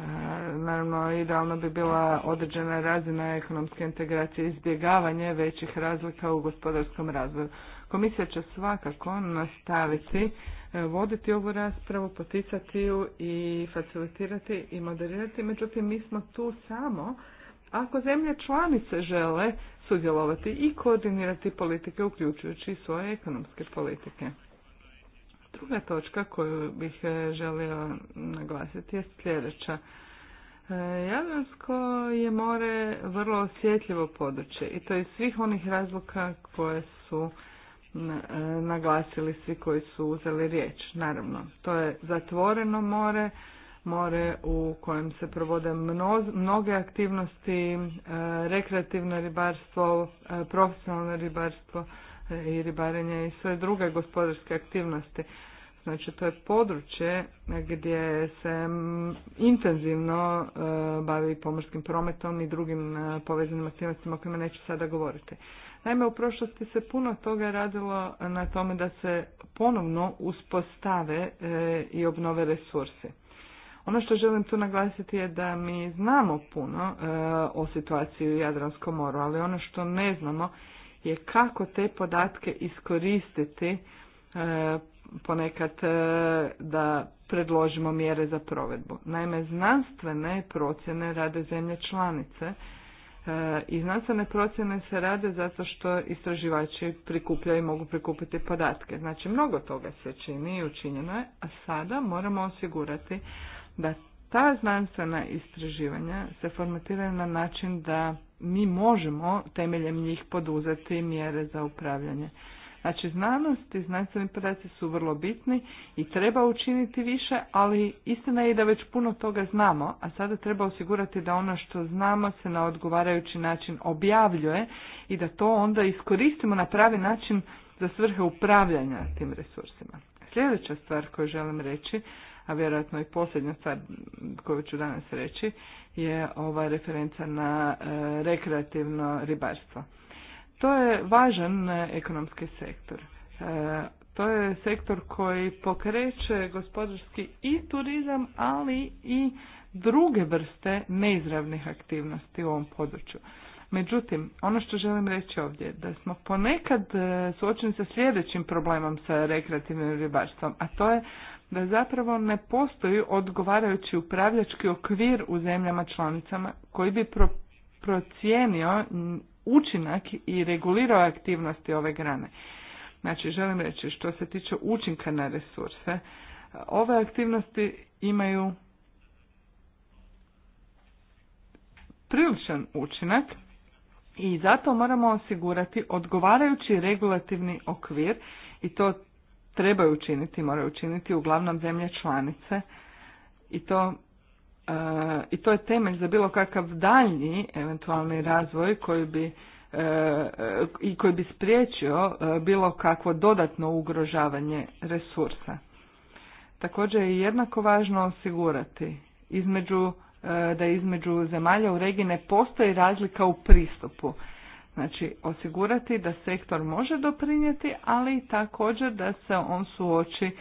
naravno, idealno bi bila određena razina ekonomske integracije, izbjegavanje većih razlika u gospodarskom razvoju. Komisija će svakako nastaviti e, voditi ovu raspravu, poticati ju i facilitirati i moderirati. Međutim, mi smo tu samo ako zemlje članice žele sudjelovati i koordinirati politike uključujući svoje ekonomske politike. Druga točka koju bih e, želio naglasiti je sljedeća. E, Jadransko je more vrlo osjetljivo područje i to iz svih onih razloga koje su e, naglasili svi koji su uzeli riječ. Naravno, to je zatvoreno more, more u kojem se provode mnoge aktivnosti, e, rekreativno ribarstvo, e, profesionalno ribarstvo e, i ribarenje i sve druge gospodarske aktivnosti. Znači to je područje gdje se intenzivno bavi pomorskim prometom i drugim povezanim aktivnostima o kojima neću sada govoriti. Naime, u prošlosti se puno toga radilo na tome da se ponovno uspostave i obnove resursi. Ono što želim tu naglasiti je da mi znamo puno e, o situaciji u Jadranskom moru, ali ono što ne znamo je kako te podatke iskoristiti e, ponekad e, da predložimo mjere za provedbu. Naime, znanstvene procjene rade zemlje članice i znanstvene procjene se rade zato što istraživači prikupljaju i mogu prikupiti podatke. Znači, mnogo toga se čini i učinjeno je, a sada moramo osigurati da ta znanstvena istraživanja se formatiraju na način da mi možemo temeljem njih poduzeti mjere za upravljanje. Znači znanost i znanstveni podaci su vrlo bitni i treba učiniti više, ali istina je da već puno toga znamo, a sada treba osigurati da ono što znamo se na odgovarajući način objavljuje i da to onda iskoristimo na pravi način za svrhe upravljanja tim resursima. Sljedeća stvar koju želim reći a vjerojatno i posljednja stvar koju ću danas reći je ova referenca na e, rekreativno ribarstvo. To je važan e, ekonomski sektor. E, to je sektor koji pokreće gospodarski i turizam, ali i druge vrste neizravnih aktivnosti u ovom području. Međutim, ono što želim reći ovdje je da smo ponekad suočeni sa sljedećim problemom sa rekreativnim ribarstvom, a to je da zapravo ne postoji odgovarajući upravljački okvir u zemljama članicama koji bi procijenio učinak i regulirao aktivnosti ove grane. Znači, želim reći, što se tiče učinka na resurse, ove aktivnosti imaju priličan učinak i zato moramo osigurati odgovarajući regulativni okvir i to trebaju učiniti, moraju učiniti uglavnom zemlje članice i to e, i to je temelj za bilo kakav daljnji eventualni razvoj koji bi e, e, i koji bi spriječio bilo kakvo dodatno ugrožavanje resursa. Također je jednako važno osigurati između da između zemalja u regiji ne postoji razlika u pristupu Znači osigurati da sektor može doprinijeti, ali također da se on suoči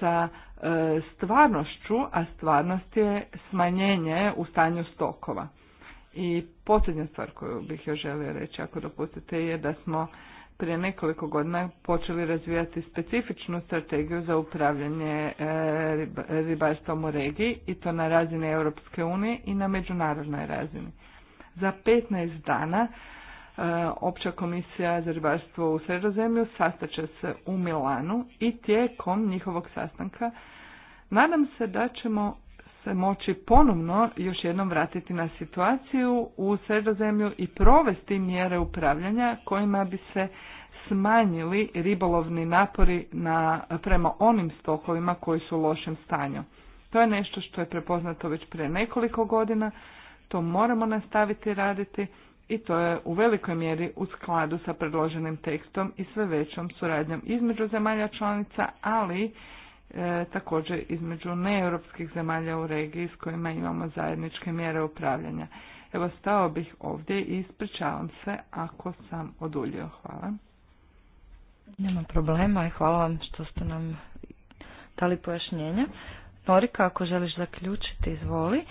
sa e, stvarnošću, a stvarnost je smanjenje u stanju stokova. I posljednja stvar koju bih još želio reći, ako dopustite, je da smo prije nekoliko godina počeli razvijati specifičnu strategiju za upravljanje e, ribarstvom u regiji i to na razini Europske unije i na međunarodnoj razini. Za 15 dana E, Opća komisija za ribarstvo u sredozemlju sastaće se u Milanu i tijekom njihovog sastanka nadam se da ćemo se moći ponovno još jednom vratiti na situaciju u sredozemlju i provesti mjere upravljanja kojima bi se smanjili ribolovni napori na, prema onim stokovima koji su u lošem stanju. To je nešto što je prepoznato već prije nekoliko godina, to moramo nastaviti raditi i to je u velikoj mjeri u skladu sa predloženim tekstom i sve većom suradnjom između zemalja članica, ali e, također između neeuropskih zemalja u regiji s kojima imamo zajedničke mjere upravljanja. Evo stao bih ovdje i ispričavam se ako sam oduljio. Hvala. Nema problema i hvala vam što ste nam dali pojašnjenja. Norika, ako želiš zaključiti, izvoli.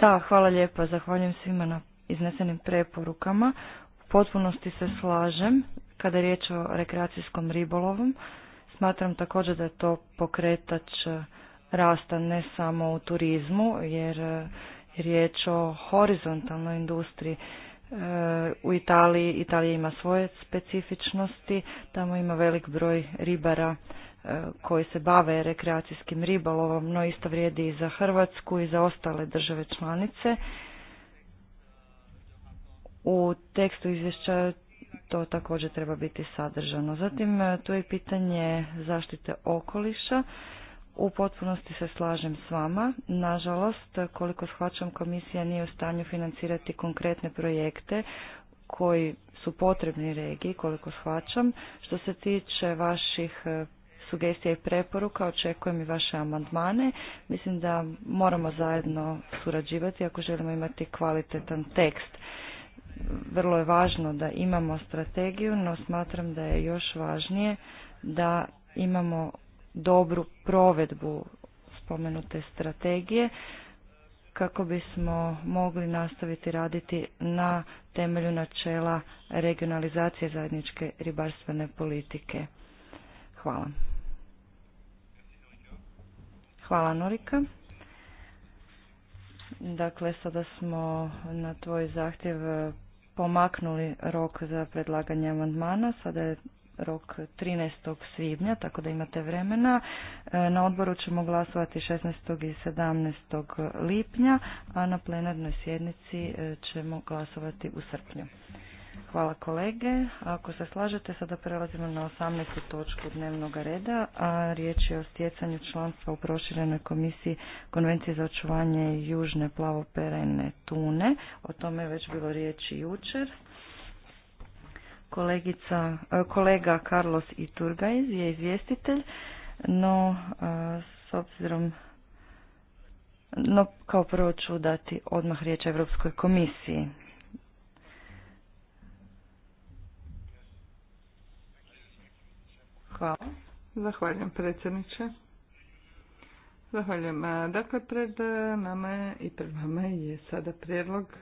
Da, hvala lijepa. Zahvaljujem svima na iznesenim preporukama. U potpunosti se slažem kada je riječ o rekreacijskom ribolovom. Smatram također da je to pokretač rasta ne samo u turizmu, jer je riječ o horizontalnoj industriji. E, u Italiji, Italija ima svoje specifičnosti, tamo ima velik broj ribara e, koji se bave rekreacijskim ribolovom, no isto vrijedi i za Hrvatsku i za ostale države članice u tekstu izvješća to također treba biti sadržano. Zatim e, tu je pitanje zaštite okoliša. U potpunosti se slažem s vama. Nažalost, koliko shvaćam, komisija nije u stanju financirati konkretne projekte koji su potrebni regiji, koliko shvaćam. Što se tiče vaših e, sugestija i preporuka, očekujem i vaše amandmane. Mislim da moramo zajedno surađivati ako želimo imati kvalitetan tekst vrlo je važno da imamo strategiju, no smatram da je još važnije da imamo dobru provedbu spomenute strategije kako bismo mogli nastaviti raditi na temelju načela regionalizacije zajedničke ribarstvene politike. Hvala. Hvala Norika. Dakle, sada smo na tvoj zahtjev pomaknuli rok za predlaganje amandmana, sada je rok 13. svibnja, tako da imate vremena. E, na odboru ćemo glasovati 16. i 17. lipnja, a na plenarnoj sjednici e, ćemo glasovati u srpnju. Hvala kolege. Ako se slažete, sada prelazimo na 18. točku dnevnog reda, a riječ je o stjecanju članstva u proširenoj komisiji Konvencije za očuvanje južne plavoperajne tune. O tome je već bilo riječi jučer. Kolegica, e, kolega Carlos Iturgaiz je izvjestitelj, no e, s obzirom no kao prvo ću dati odmah riječ Europskoj komisiji Hvala. Zahvaljujem predsjedniče. Zahvaljujem. Dakle, pred nama je i pred vama je sada prijedlog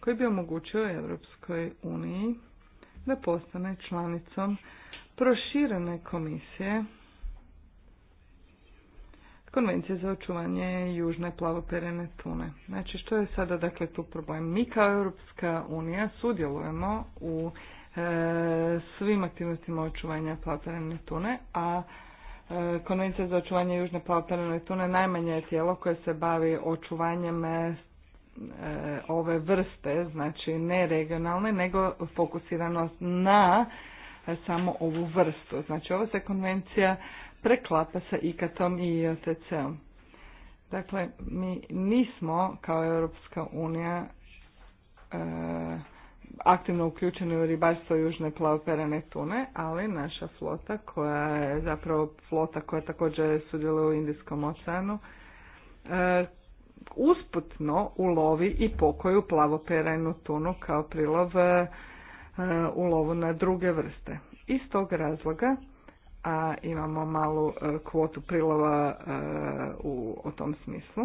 koji bi omogućio Europskoj uniji da postane članicom proširene komisije Konvencije za očuvanje južne plavoperene tune. Znači, što je sada dakle tu problem? Mi kao Europska unija sudjelujemo u E, svim aktivnostima očuvanja plavoperajne tune, a e, Konvencija za očuvanje južne plavoperajne tune najmanje je tijelo koje se bavi očuvanjem e, ove vrste, znači ne regionalne, nego fokusirano na samo ovu vrstu. Znači ova se konvencija preklapa sa ikat om i IOTC-om. Dakle, mi nismo kao Europska unija aktivno uključeni u ribarstvo južne plavoperane tune, ali naša flota koja je zapravo flota koja također sudjeluje u Indijskom oceanu e, usputno ulovi i pokoju plavoperanu tunu kao prilov e, u lovu na druge vrste. Iz tog razloga a imamo malu e, kvotu prilova u, u tom smislu.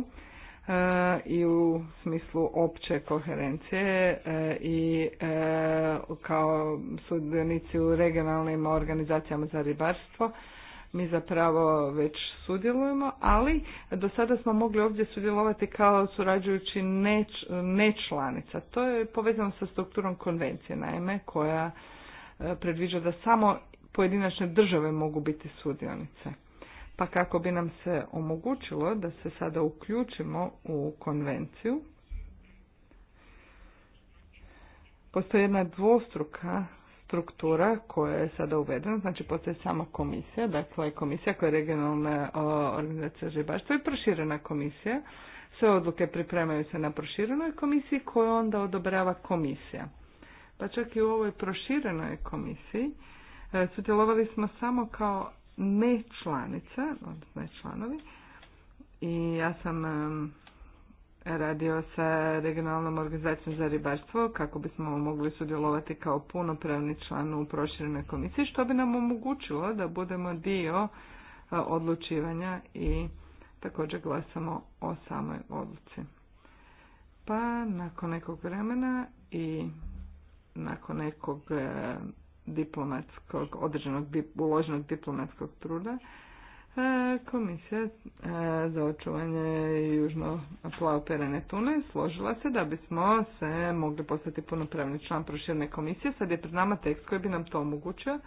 E, i u smislu opće koherencije e, i e, kao sudionici u regionalnim organizacijama za ribarstvo mi zapravo već sudjelujemo, ali do sada smo mogli ovdje sudjelovati kao surađujući nečlanica. to je povezano sa strukturom konvencije, naime, koja predviđa da samo pojedinačne države mogu biti sudionice pa kako bi nam se omogućilo da se sada uključimo u konvenciju, postoji jedna dvostruka struktura koja je sada uvedena, znači postoji sama komisija, dakle komisija koja je regionalna organizacija živaštva i proširena komisija. Sve odluke pripremaju se na proširenoj komisiji koju onda odobrava komisija. Pa čak i u ovoj proširenoj komisiji e, sudjelovali smo samo kao ne članica, odnosno ne članovi. I ja sam radio sa regionalnom organizacijom za ribarstvo kako bismo mogli sudjelovati kao punopravni član u proširenoj komisiji što bi nam omogućilo da budemo dio e, odlučivanja i također glasamo o samoj odluci. Pa nakon nekog vremena i nakon nekog diplomatskog, određenog uloženog diplomatskog truda, e, Komisija e, za očuvanje južno perene tune složila se da bismo se mogli postati punopravni član proširne komisije. Sad je pred nama tekst koji bi nam to omogućio.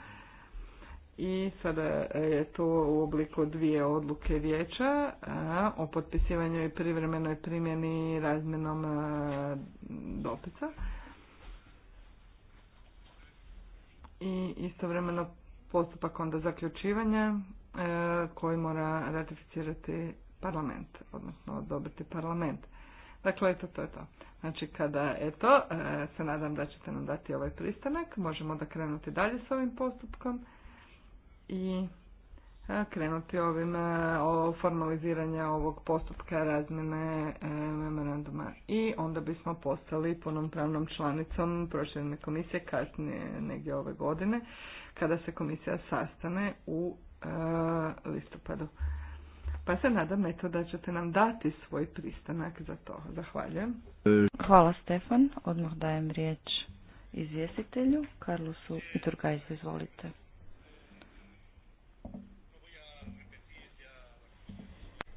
I sada je to u obliku dvije odluke vijeća e, o potpisivanju i privremenoj primjeni razmenom dopisa. i istovremeno postupak onda zaključivanja e, koji mora ratificirati parlament, odnosno odobriti parlament. Dakle, eto, to je to. Znači, kada, eto, e, se nadam da ćete nam dati ovaj pristanak, možemo da krenuti dalje s ovim postupkom i krenuti ovim e, o formaliziranja ovog postupka razmjene e, memoranduma i onda bismo postali pravnom članicom proširene komisije kasnije negdje ove godine kada se komisija sastane u e, listopadu. Pa se nadam eto da ćete nam dati svoj pristanak za to. Zahvaljujem. Hvala Stefan. Odmah dajem riječ izvjestitelju. Karlusu Iturgajzu, izvolite.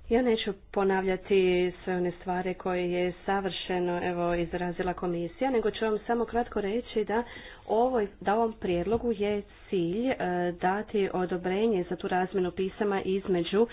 Ja neću ponavljati sve one stvari koje je savršeno evo, izrazila komisija, nego ću vam samo kratko reći da, ovoj, da ovom prijedlogu je cilj e, dati odobrenje za tu razmjenu pisama između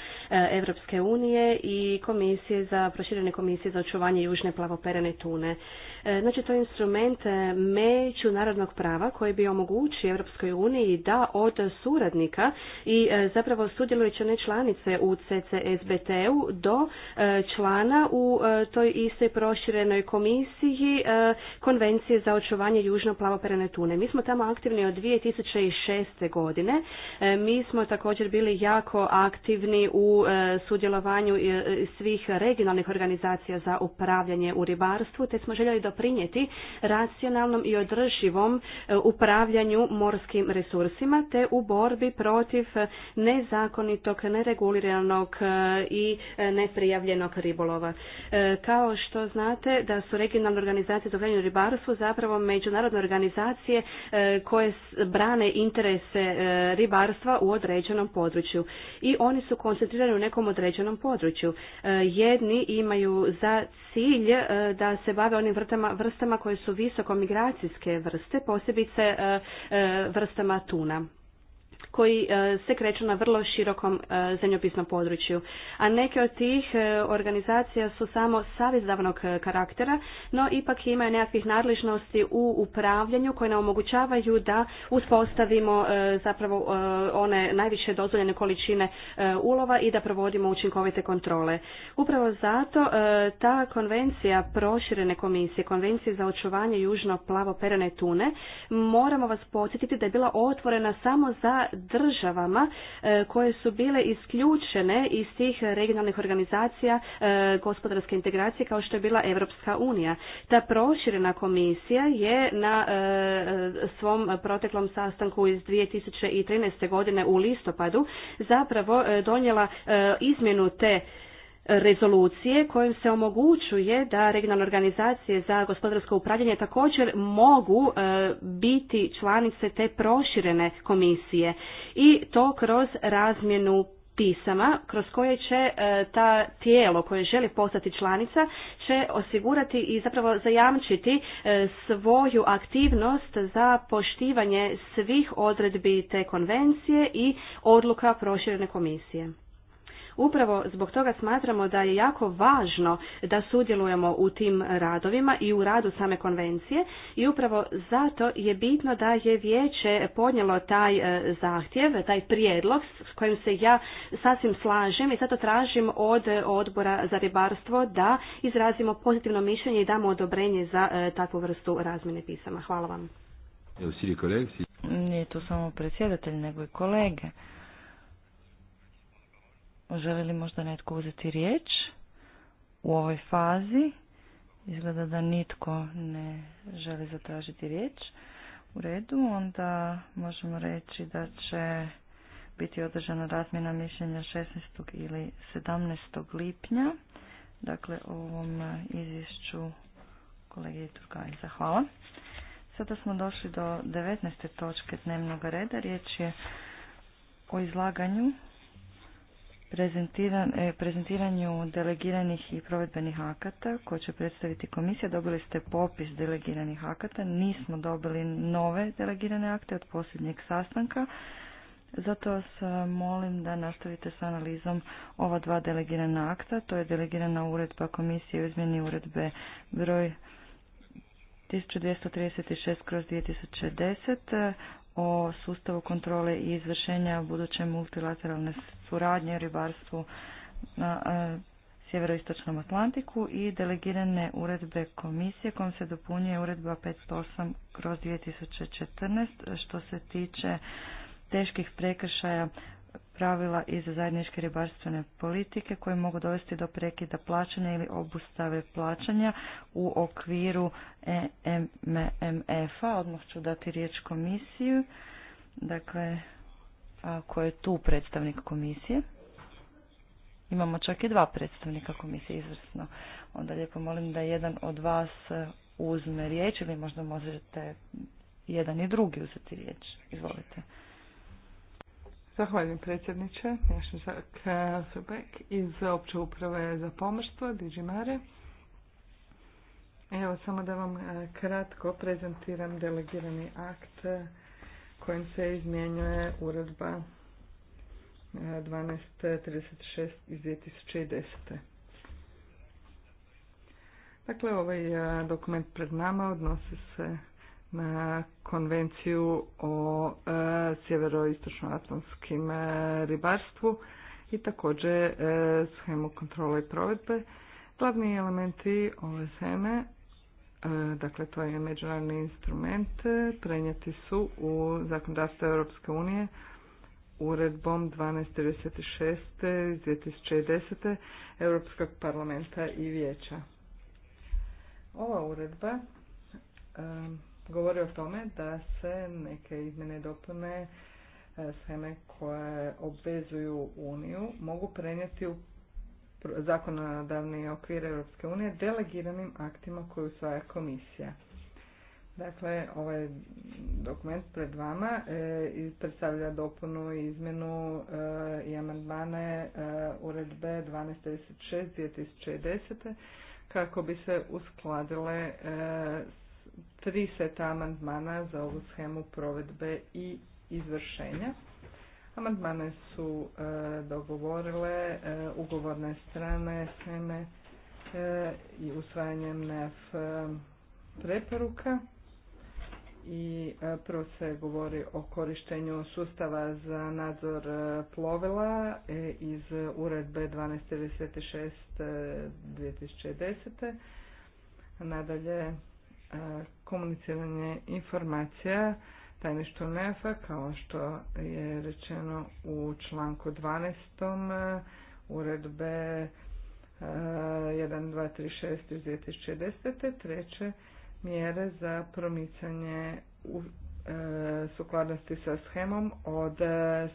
Europske unije i komisije za proširene komisije za očuvanje južne plavoperene tune. E, znači to je instrument e, međunarodnog prava koji bi omogućio Europskoj uniji da od suradnika i zapravo sudjelujuće ne članice u CCSBT EU do e, člana u e, toj istoj proširenoj komisiji e, Konvencije za očuvanje južno plavoperene Mi smo tamo aktivni od 2006. godine. Mi smo također bili jako aktivni u sudjelovanju svih regionalnih organizacija za upravljanje u ribarstvu, te smo željeli doprinijeti racionalnom i održivom upravljanju morskim resursima, te u borbi protiv nezakonitog, nereguliranog i E, neprijavljenog ribolova. E, kao što znate da su regionalne organizacije za upravljanje ribarstvu zapravo međunarodne organizacije e, koje brane interese ribarstva u određenom području i oni su koncentrirani u nekom određenom području. Jedni imaju za cilj da se bave onim vrstama koje su visoko migracijske vrste, posebice vrstama tuna koji e, se kreću na vrlo širokom e, zemljopisnom području. A neke od tih e, organizacija su samo savjezdavnog karaktera, no ipak imaju nekakvih nadležnosti u upravljanju koje nam omogućavaju da uspostavimo zapravo one najviše dozvoljene količine ulova i da provodimo učinkovite kontrole. Upravo zato ta konvencija proširene komisije, konvencije za očuvanje južno plavo perene tune, moramo vas podsjetiti da je bila otvorena samo za državama e, koje su bile isključene iz tih regionalnih organizacija e, gospodarske integracije kao što je bila Europska unija. Ta proširena komisija je na e, svom proteklom sastanku iz 2013. godine u listopadu zapravo donijela izmjenu te rezolucije kojim se omogućuje da regionalne organizacije za gospodarsko upravljanje također mogu e, biti članice te proširene komisije i to kroz razmjenu pisama kroz koje će e, ta tijelo koje želi postati članica će osigurati i zapravo zajamčiti e, svoju aktivnost za poštivanje svih odredbi te konvencije i odluka proširene komisije. Upravo zbog toga smatramo da je jako važno da sudjelujemo u tim radovima i u radu same konvencije i upravo zato je bitno da je vijeće podnijelo taj e, zahtjev, taj prijedlog s kojim se ja sasvim slažem i zato tražim od odbora za ribarstvo da izrazimo pozitivno mišljenje i damo odobrenje za e, takvu vrstu razmjene pisama. Hvala vam. Nije to samo predsjedatelj, nego i kolege. Želi li možda netko uzeti riječ u ovoj fazi? Izgleda da nitko ne želi zatražiti riječ. U redu, onda možemo reći da će biti održana razmjena mišljenja 16. ili 17. lipnja. Dakle, o ovom izvješću kolege Turgajza. Hvala. Sada smo došli do 19. točke dnevnog reda. Riječ je o izlaganju E, prezentiranju delegiranih i provedbenih akata koje će predstaviti komisija. Dobili ste popis delegiranih akata, nismo dobili nove delegirane akte od posljednjeg sastanka. Zato vas e, molim da nastavite s analizom ova dva delegirana akta. To je delegirana uredba komisije u izmjeni uredbe broj 1236 kroz 2010 o sustavu kontrole i izvršenja buduće multilateralne suradnje u ribarstvu na e, sjeveroistočnom Atlantiku i delegirane uredbe komisije kom se dopunjuje uredba 508 kroz 2014 što se tiče teških prekršaja pravila iz zajedničke ribarstvene politike koje mogu dovesti do prekida plaćanja ili obustave plaćanja u okviru e MMF-a. E Odmah ću dati riječ komisiju, dakle, ako je tu predstavnik komisije. Imamo čak i dva predstavnika komisije, izvrsno. Onda lijepo molim da jedan od vas e, uzme riječ ili možda možete jedan i drugi uzeti riječ. Izvolite. Zahvaljujem predsjedniče. Ja sam Sobek eh, iz opće uprave za pomorstvo, mare Evo samo da vam eh, kratko prezentiram delegirani akt eh, kojim se izmjenjuje uredba 1236 iz 2010. Dakle, ovaj dokument pred nama odnosi se na e, konvenciju o e, sjeveroistočnoatlantskim e, ribarstvu i također schemu kontrole i provedbe. Glavni elementi ove same, dakle to je međunarodni instrument, prenijeti su u zakonodavstvo Europske unije uredbom 1236. 2010. Europskog parlamenta i vijeća. Ova uredba govori o tome da se neke izmjene i dopune e, sheme koje obvezuju Uniju mogu prenijeti u zakonodavni okvir Europske unije delegiranim aktima koje usvaja komisija. Dakle, ovaj dokument pred vama e, predstavlja dopunu i izmjenu e, i amandmane uredbe 1236-2010 kako bi se uskladile tri seta amandmana za ovu schemu provedbe i izvršenja. Amandmane su e, dogovorile e, ugovorne strane sveme e, i usvajanjem preporuka i prvo se govori o korištenju sustava za nadzor plovila iz uredbe 1236 2010. Nadalje E, komuniciranje informacija tajništvo NEFA kao što je rečeno u članku 12. E, uredbe 1236 e, iz 2010. treće mjere za promicanje u, sukladnosti sa schemom od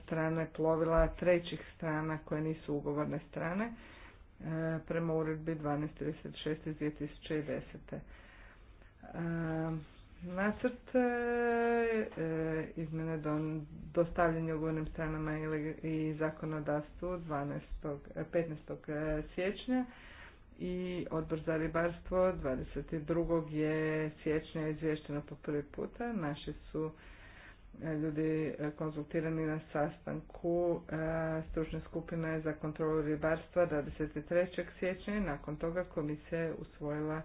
strane plovila trećih strana koje nisu ugovorne strane prema uredbi 1236 iz 2010. E, nacrt e, e, izmjene dostavljen je ugovornim stranama i zakonodavstvu 12. 15. siječnja i odbor za ribarstvo 22. je siječnja izvješteno po prvi puta. Naši su ljudi konzultirani na sastanku stručne skupine za kontrolu ribarstva 23. siječnja i nakon toga komisija je usvojila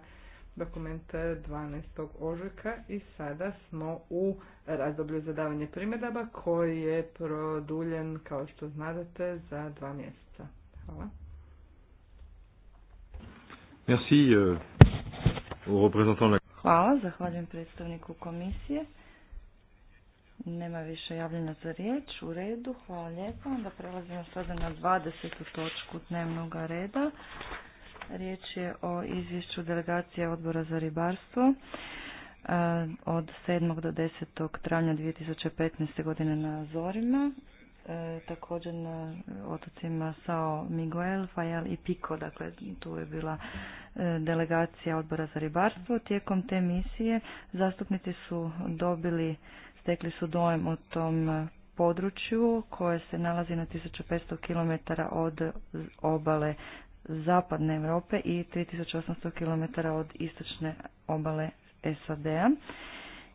dokument 12. ožujka i sada smo u razdoblju za davanje primjedaba koji je produljen kao što znate za dva mjeseca. Hvala. Euh, hvala, zahvaljujem predstavniku komisije. Nema više javljena za riječ. U redu, hvala lijepo. Onda prelazimo sada na 20. točku dnevnog reda. Riječ je o izvješću delegacije odbora za ribarstvo e, od 7. do 10. travnja 2015. godine na Zorima, e, također na otocima Sao Miguel, Fajal i Pico, dakle tu je bila e, delegacija odbora za ribarstvo. Tijekom te misije zastupnici su dobili, stekli su dojem o tom području koje se nalazi na 1500 km od obale zapadne Europe i 3800 km od istočne obale SAD-a.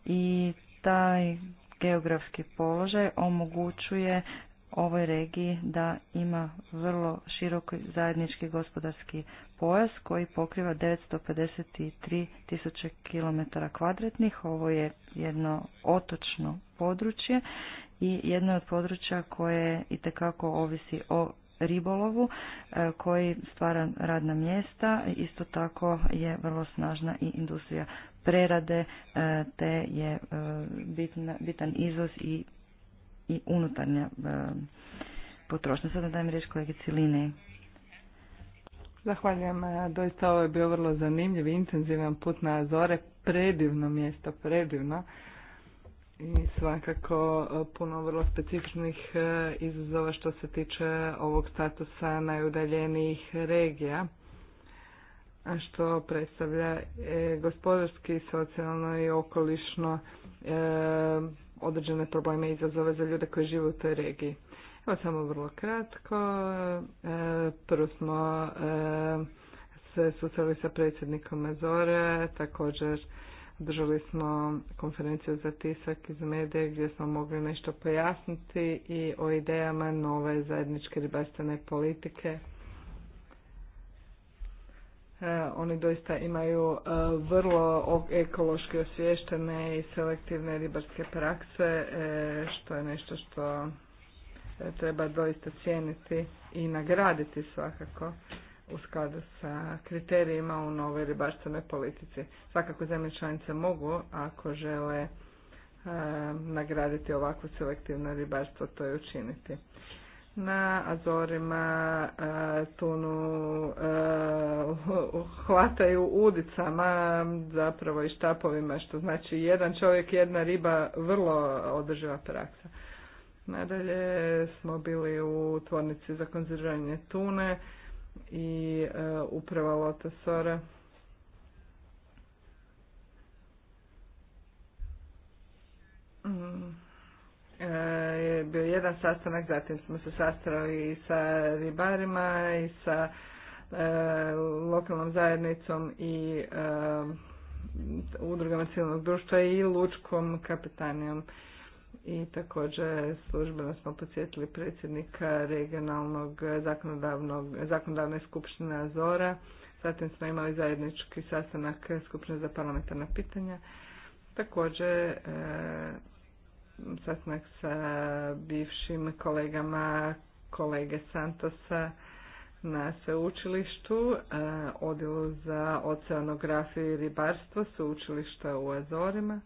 I taj geografski položaj omogućuje ovoj regiji da ima vrlo široki zajednički gospodarski pojas koji pokriva 953 tisuće kilometara kvadratnih. Ovo je jedno otočno područje i jedno od područja koje itekako ovisi o ribolovu e, koji stvara radna mjesta. Isto tako je vrlo snažna i industrija prerade e, te je e, bitna, bitan izvoz i, i unutarnja potrošnja. Sada dajem riječ kolegici Ciline. Zahvaljujem. Doista ovo je bio vrlo zanimljiv, intenzivan put na Azore. Predivno mjesto, predivno i svakako e, puno vrlo specifičnih e, izazova što se tiče ovog statusa najudaljenijih regija, a što predstavlja e, gospodarski, socijalno i okolišno određene probleme i izazove za ljude koji žive u toj regiji. Evo samo vrlo kratko. Prvo smo se susreli sa predsjednikom Azore, također Držali smo konferenciju za tisak iz medije gdje smo mogli nešto pojasniti i o idejama nove zajedničke ribarstvene politike. E, oni doista imaju e, vrlo ekološki osviještene i selektivne ribarske prakse, e, što je nešto što treba doista cijeniti i nagraditi svakako u skladu sa kriterijima u novoj ribarstvenoj politici. Svakako zemlje članice mogu, ako žele e, nagraditi ovakvo selektivno ribarstvo, to je učiniti. Na Azorima e, tunu e, hvataju udicama, zapravo i štapovima, što znači jedan čovjek, jedna riba, vrlo održiva praksa. Nadalje smo bili u tvornici za konzerviranje tune, i e, uprava Lotosora. Mm. E, je bio jedan sastanak, zatim smo se sastrali i sa ribarima i sa e, lokalnom zajednicom i udrugama civilnog društva i lučkom kapitanijom i također službeno smo podsjetili predsjednika regionalnog zakonodavnog, zakonodavne skupštine Azora. Zatim smo imali zajednički sastanak skupštine za parlamentarna pitanja. Također e, sastanak sa bivšim kolegama kolege Santosa na sveučilištu, e, odjelu za oceanografiju i ribarstvo sveučilišta u Azorima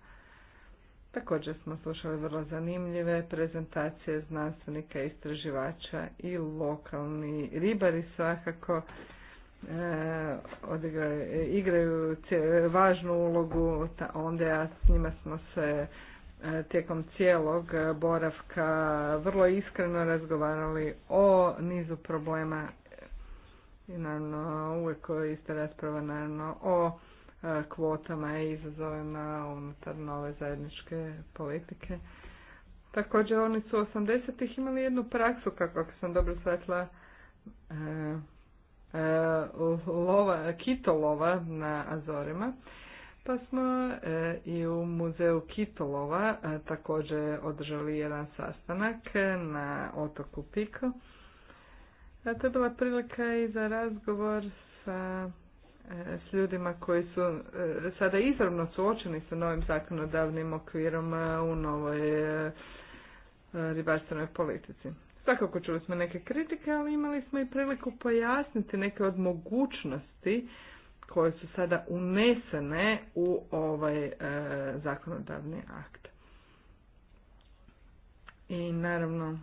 Također smo slušali vrlo zanimljive prezentacije znanstvenika, istraživača i lokalni ribari svakako e, odigraju, e, igraju važnu ulogu, ta, onda ja s njima smo se e, tijekom cijelog boravka vrlo iskreno razgovarali o nizu problema i naravno uvijek ista rasprava naravno o E, kvotama i izazovima unutar nove zajedničke politike. Također oni su 80-ih imali jednu praksu, kako sam dobro shvatila, e, e, lova, kitolova na Azorima. Pa smo i u muzeju Kitolova također održali jedan sastanak na otoku Piko. To je bila prilika i za razgovor sa s ljudima koji su e, sada izravno suočeni sa novim zakonodavnim okvirom e, u novoj e, ribarstvenoj politici. Svakako čuli smo neke kritike, ali imali smo i priliku pojasniti neke od mogućnosti koje su sada unesene u ovaj zakonodavni akt. I naravno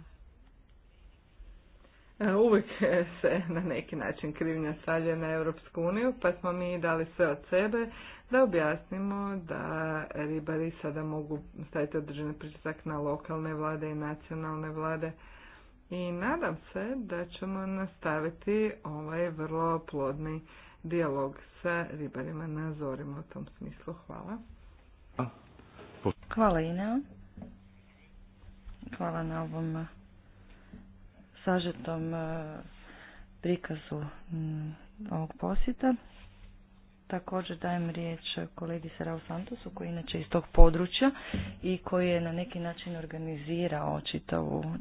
E, uvijek *laughs* se na neki način krivnja salje na Europsku uniju, pa smo mi dali sve od sebe da objasnimo da ribari sada mogu staviti određeni pritisak na lokalne vlade i nacionalne vlade i nadam se da ćemo nastaviti ovaj vrlo plodni dijalog sa ribarima na Zorima u tom smislu. Hvala. Hvala Ina. Hvala na ovom sažetom e, prikazu ovog posjeta. Također dajem riječ kolegi Serao Santosu koji je inače iz tog područja i koji je na neki način organizirao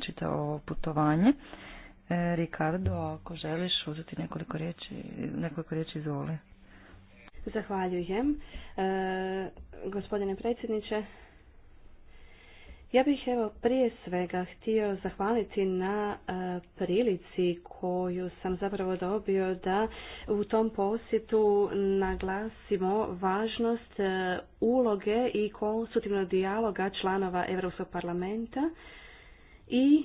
čitavo, putovanje. E, Ricardo, ako želiš uzeti nekoliko riječi, nekoliko riječi izvoli. Zahvaljujem. E, gospodine predsjedniče, ja bih evo prije svega htio zahvaliti na e, prilici koju sam zapravo dobio da u tom posjetu naglasimo važnost e, uloge i konstruktivnog dijaloga članova Europskog parlamenta i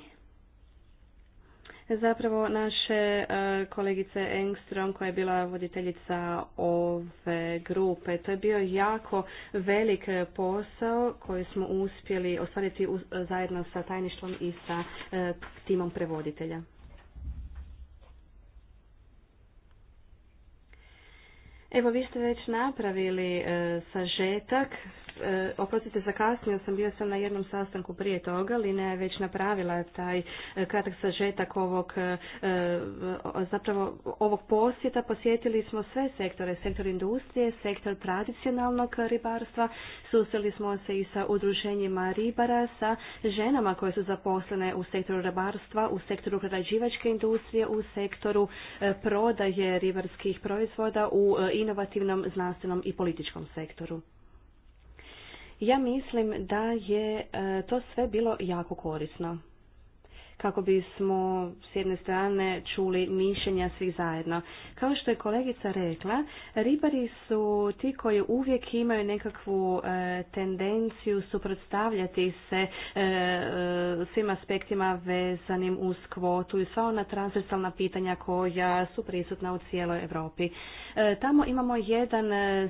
Zapravo naše e, kolegice Engstrom koja je bila voditeljica ove grupe. To je bio jako velik posao koji smo uspjeli ostvariti zajedno sa tajništvom i sa e, timom prevoditelja. Evo vi ste već napravili e, sažetak E, oprostite, kasnije, sam, bio sam na jednom sastanku prije toga, Lina je već napravila taj e, kratak sažetak ovog, e, zapravo ovog posjeta, posjetili smo sve sektore, sektor industrije, sektor tradicionalnog ribarstva, susreli smo se i sa udruženjima ribara, sa ženama koje su zaposlene u sektoru ribarstva, u sektoru prerađivačke industrije, u sektoru prodaje ribarskih proizvoda u inovativnom, znanstvenom i političkom sektoru. Ja mislim da je e, to sve bilo jako korisno kako bismo s jedne strane čuli mišljenja svih zajedno. Kao što je kolegica rekla, ribari su ti koji uvijek imaju nekakvu e, tendenciju suprotstavljati se e, e, svim aspektima vezanim uz kvotu i sva ona transversalna pitanja koja su prisutna u cijeloj Europi. E, tamo imamo jedan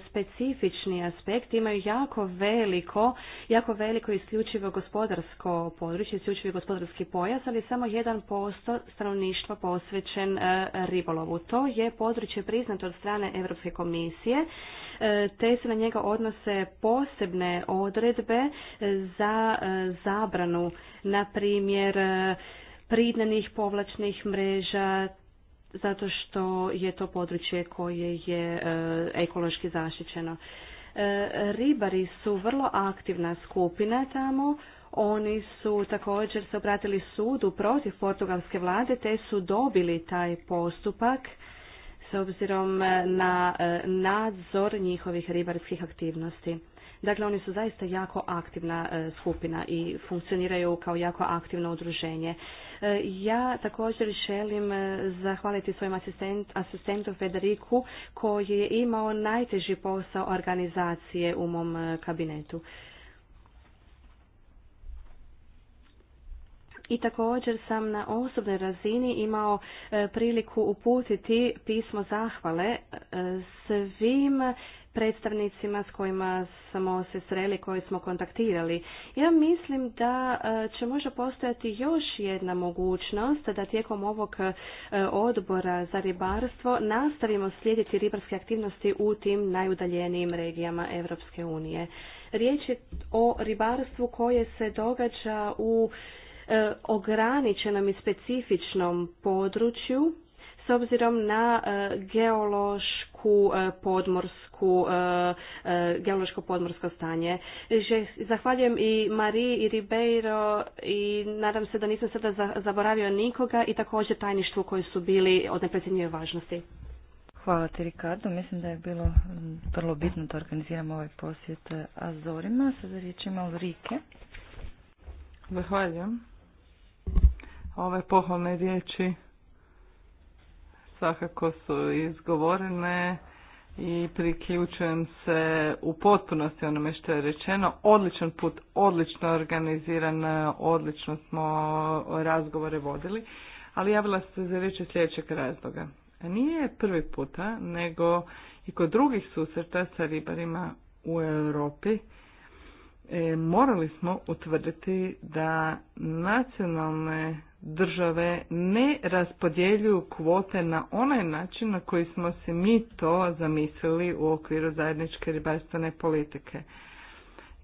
specifični aspekt, imaju jako veliko, jako veliko isključivo gospodarsko područje, isključivi gospodarski pojas, samo je samo 1% stanovništva posvećen e, ribolovu. To je područje priznato od strane Europske komisije, e, te se na njega odnose posebne odredbe e, za zabranu, na primjer, pridnenih povlačnih mreža, zato što je to područje koje je ekološki zaštićeno. Ribari su vrlo aktivna skupina tamo, oni su također se obratili sudu protiv portugalske vlade te su dobili taj postupak s obzirom e, na e, nadzor njihovih ribarskih aktivnosti. Dakle, oni su zaista jako aktivna e, skupina i funkcioniraju kao jako aktivno udruženje. Ja također želim zahvaliti svojim asistentu Federiku koji je imao najteži posao organizacije u mom kabinetu. i također sam na osobnoj razini imao e, priliku uputiti pismo zahvale e, svim predstavnicima s kojima smo se sreli, koje smo kontaktirali. Ja mislim da e, će možda postojati još jedna mogućnost da tijekom ovog odbora za ribarstvo nastavimo slijediti ribarske aktivnosti u tim najudaljenijim regijama Europske unije. Riječ je o ribarstvu koje se događa u E, ograničenom i specifičnom području s obzirom na e, geološku e, podmorsku, geološko podmorsko stanje. Zahvaljujem i Mariji i Ribeiro i nadam se da nisam sada zaboravio nikoga i također tajništvu koji su bili od nepredsjednjoj važnosti. Hvala ti Ricardo, mislim da je bilo vrlo bitno da organiziramo ovaj posjet Azorima. Sada riječ ima Ulrike. Zahvaljujem. Ove pohvalne riječi svakako su izgovorene i priključujem se u potpunosti onome što je rečeno. Odličan put, odlično organiziran, odlično smo razgovore vodili, ali javila se za riječ sljedećeg razloga. Nije prvi puta, nego i kod drugih susreta sa ribarima u Europi E, morali smo utvrditi da nacionalne države ne raspodjeljuju kvote na onaj način na koji smo se mi to zamislili u okviru zajedničke ribarstvene politike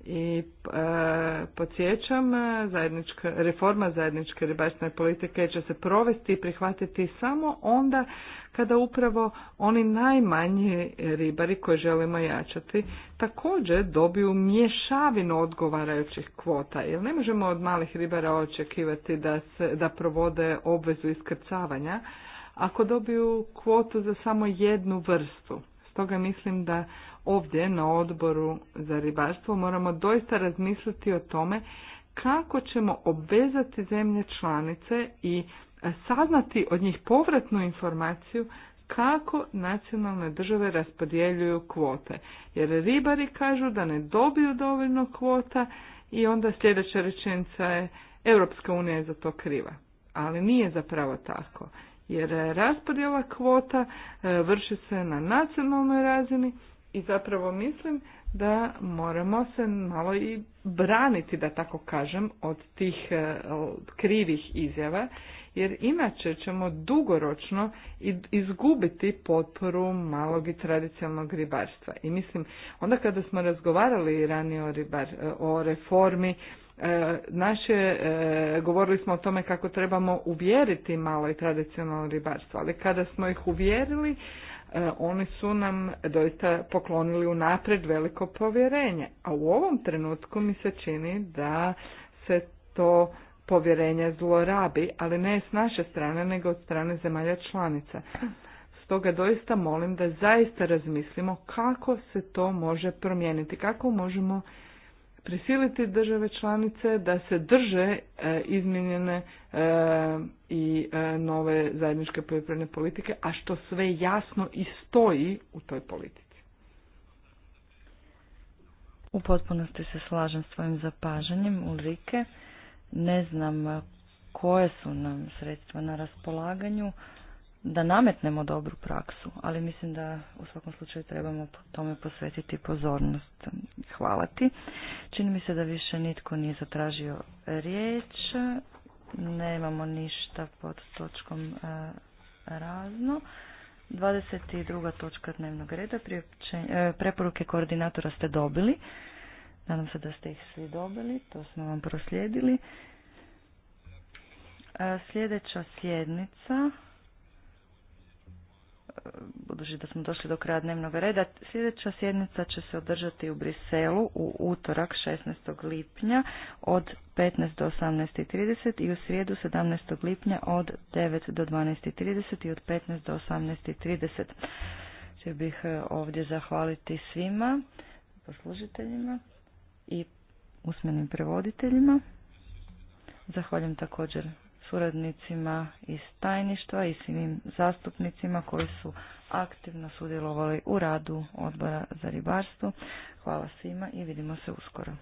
i e, podsjećam, zajednička, reforma zajedničke ribarstvene politike će se provesti i prihvatiti samo onda kada upravo oni najmanji ribari koje želimo jačati također dobiju mješavinu odgovarajućih kvota. Jer ne možemo od malih ribara očekivati da, se, da provode obvezu iskrcavanja ako dobiju kvotu za samo jednu vrstu. Stoga mislim da ovdje na odboru za ribarstvo moramo doista razmisliti o tome kako ćemo obvezati zemlje članice i saznati od njih povratnu informaciju kako nacionalne države raspodjeljuju kvote. Jer ribari kažu da ne dobiju dovoljno kvota i onda sljedeća rečenica je Europska unija je za to kriva. Ali nije zapravo tako. Jer raspodjela kvota e, vrši se na nacionalnoj razini i zapravo mislim da moramo se malo i braniti, da tako kažem, od tih e, krivih izjava, jer inače ćemo dugoročno izgubiti potporu malog i tradicionalnog ribarstva. I mislim, onda kada smo razgovarali ranije o, ribar, e, o reformi, e, naše, govorili smo o tome kako trebamo uvjeriti malo i tradicionalno ribarstvo, ali kada smo ih uvjerili, E, oni su nam doista poklonili unaprijed veliko povjerenje. A u ovom trenutku mi se čini da se to povjerenje zlorabi, ali ne s naše strane, nego od strane zemalja članica. Stoga doista molim da zaista razmislimo kako se to može promijeniti, kako možemo prisiliti države članice da se drže e, izmijenjene e, i e, nove zajedničke poljoprivredne politike, a što sve jasno i stoji u toj politici. U potpunosti se slažem s svojim zapažanjem, Ulrike. Ne znam koje su nam sredstva na raspolaganju, da nametnemo dobru praksu, ali mislim da u svakom slučaju trebamo tome posvetiti pozornost. Hvala ti. Čini mi se da više nitko nije zatražio riječ. Nemamo ništa pod točkom e, razno. 22. točka dnevnog reda, e, preporuke koordinatora ste dobili. Nadam se da ste ih svi dobili, to smo vam proslijedili. E, sljedeća sjednica budući da smo došli do kraja dnevnog reda. Sljedeća sjednica će se održati u Briselu u utorak 16. lipnja od 15 do 18.30 i u srijedu 17. lipnja od 9 do 12.30 i od 15 do 18.30. Če bih e, ovdje zahvaliti svima poslužiteljima i usmenim prevoditeljima. Zahvaljujem također suradnicima iz tajništva i svim zastupnicima koji su aktivno sudjelovali u radu odbora za ribarstvo. Hvala svima i vidimo se uskoro.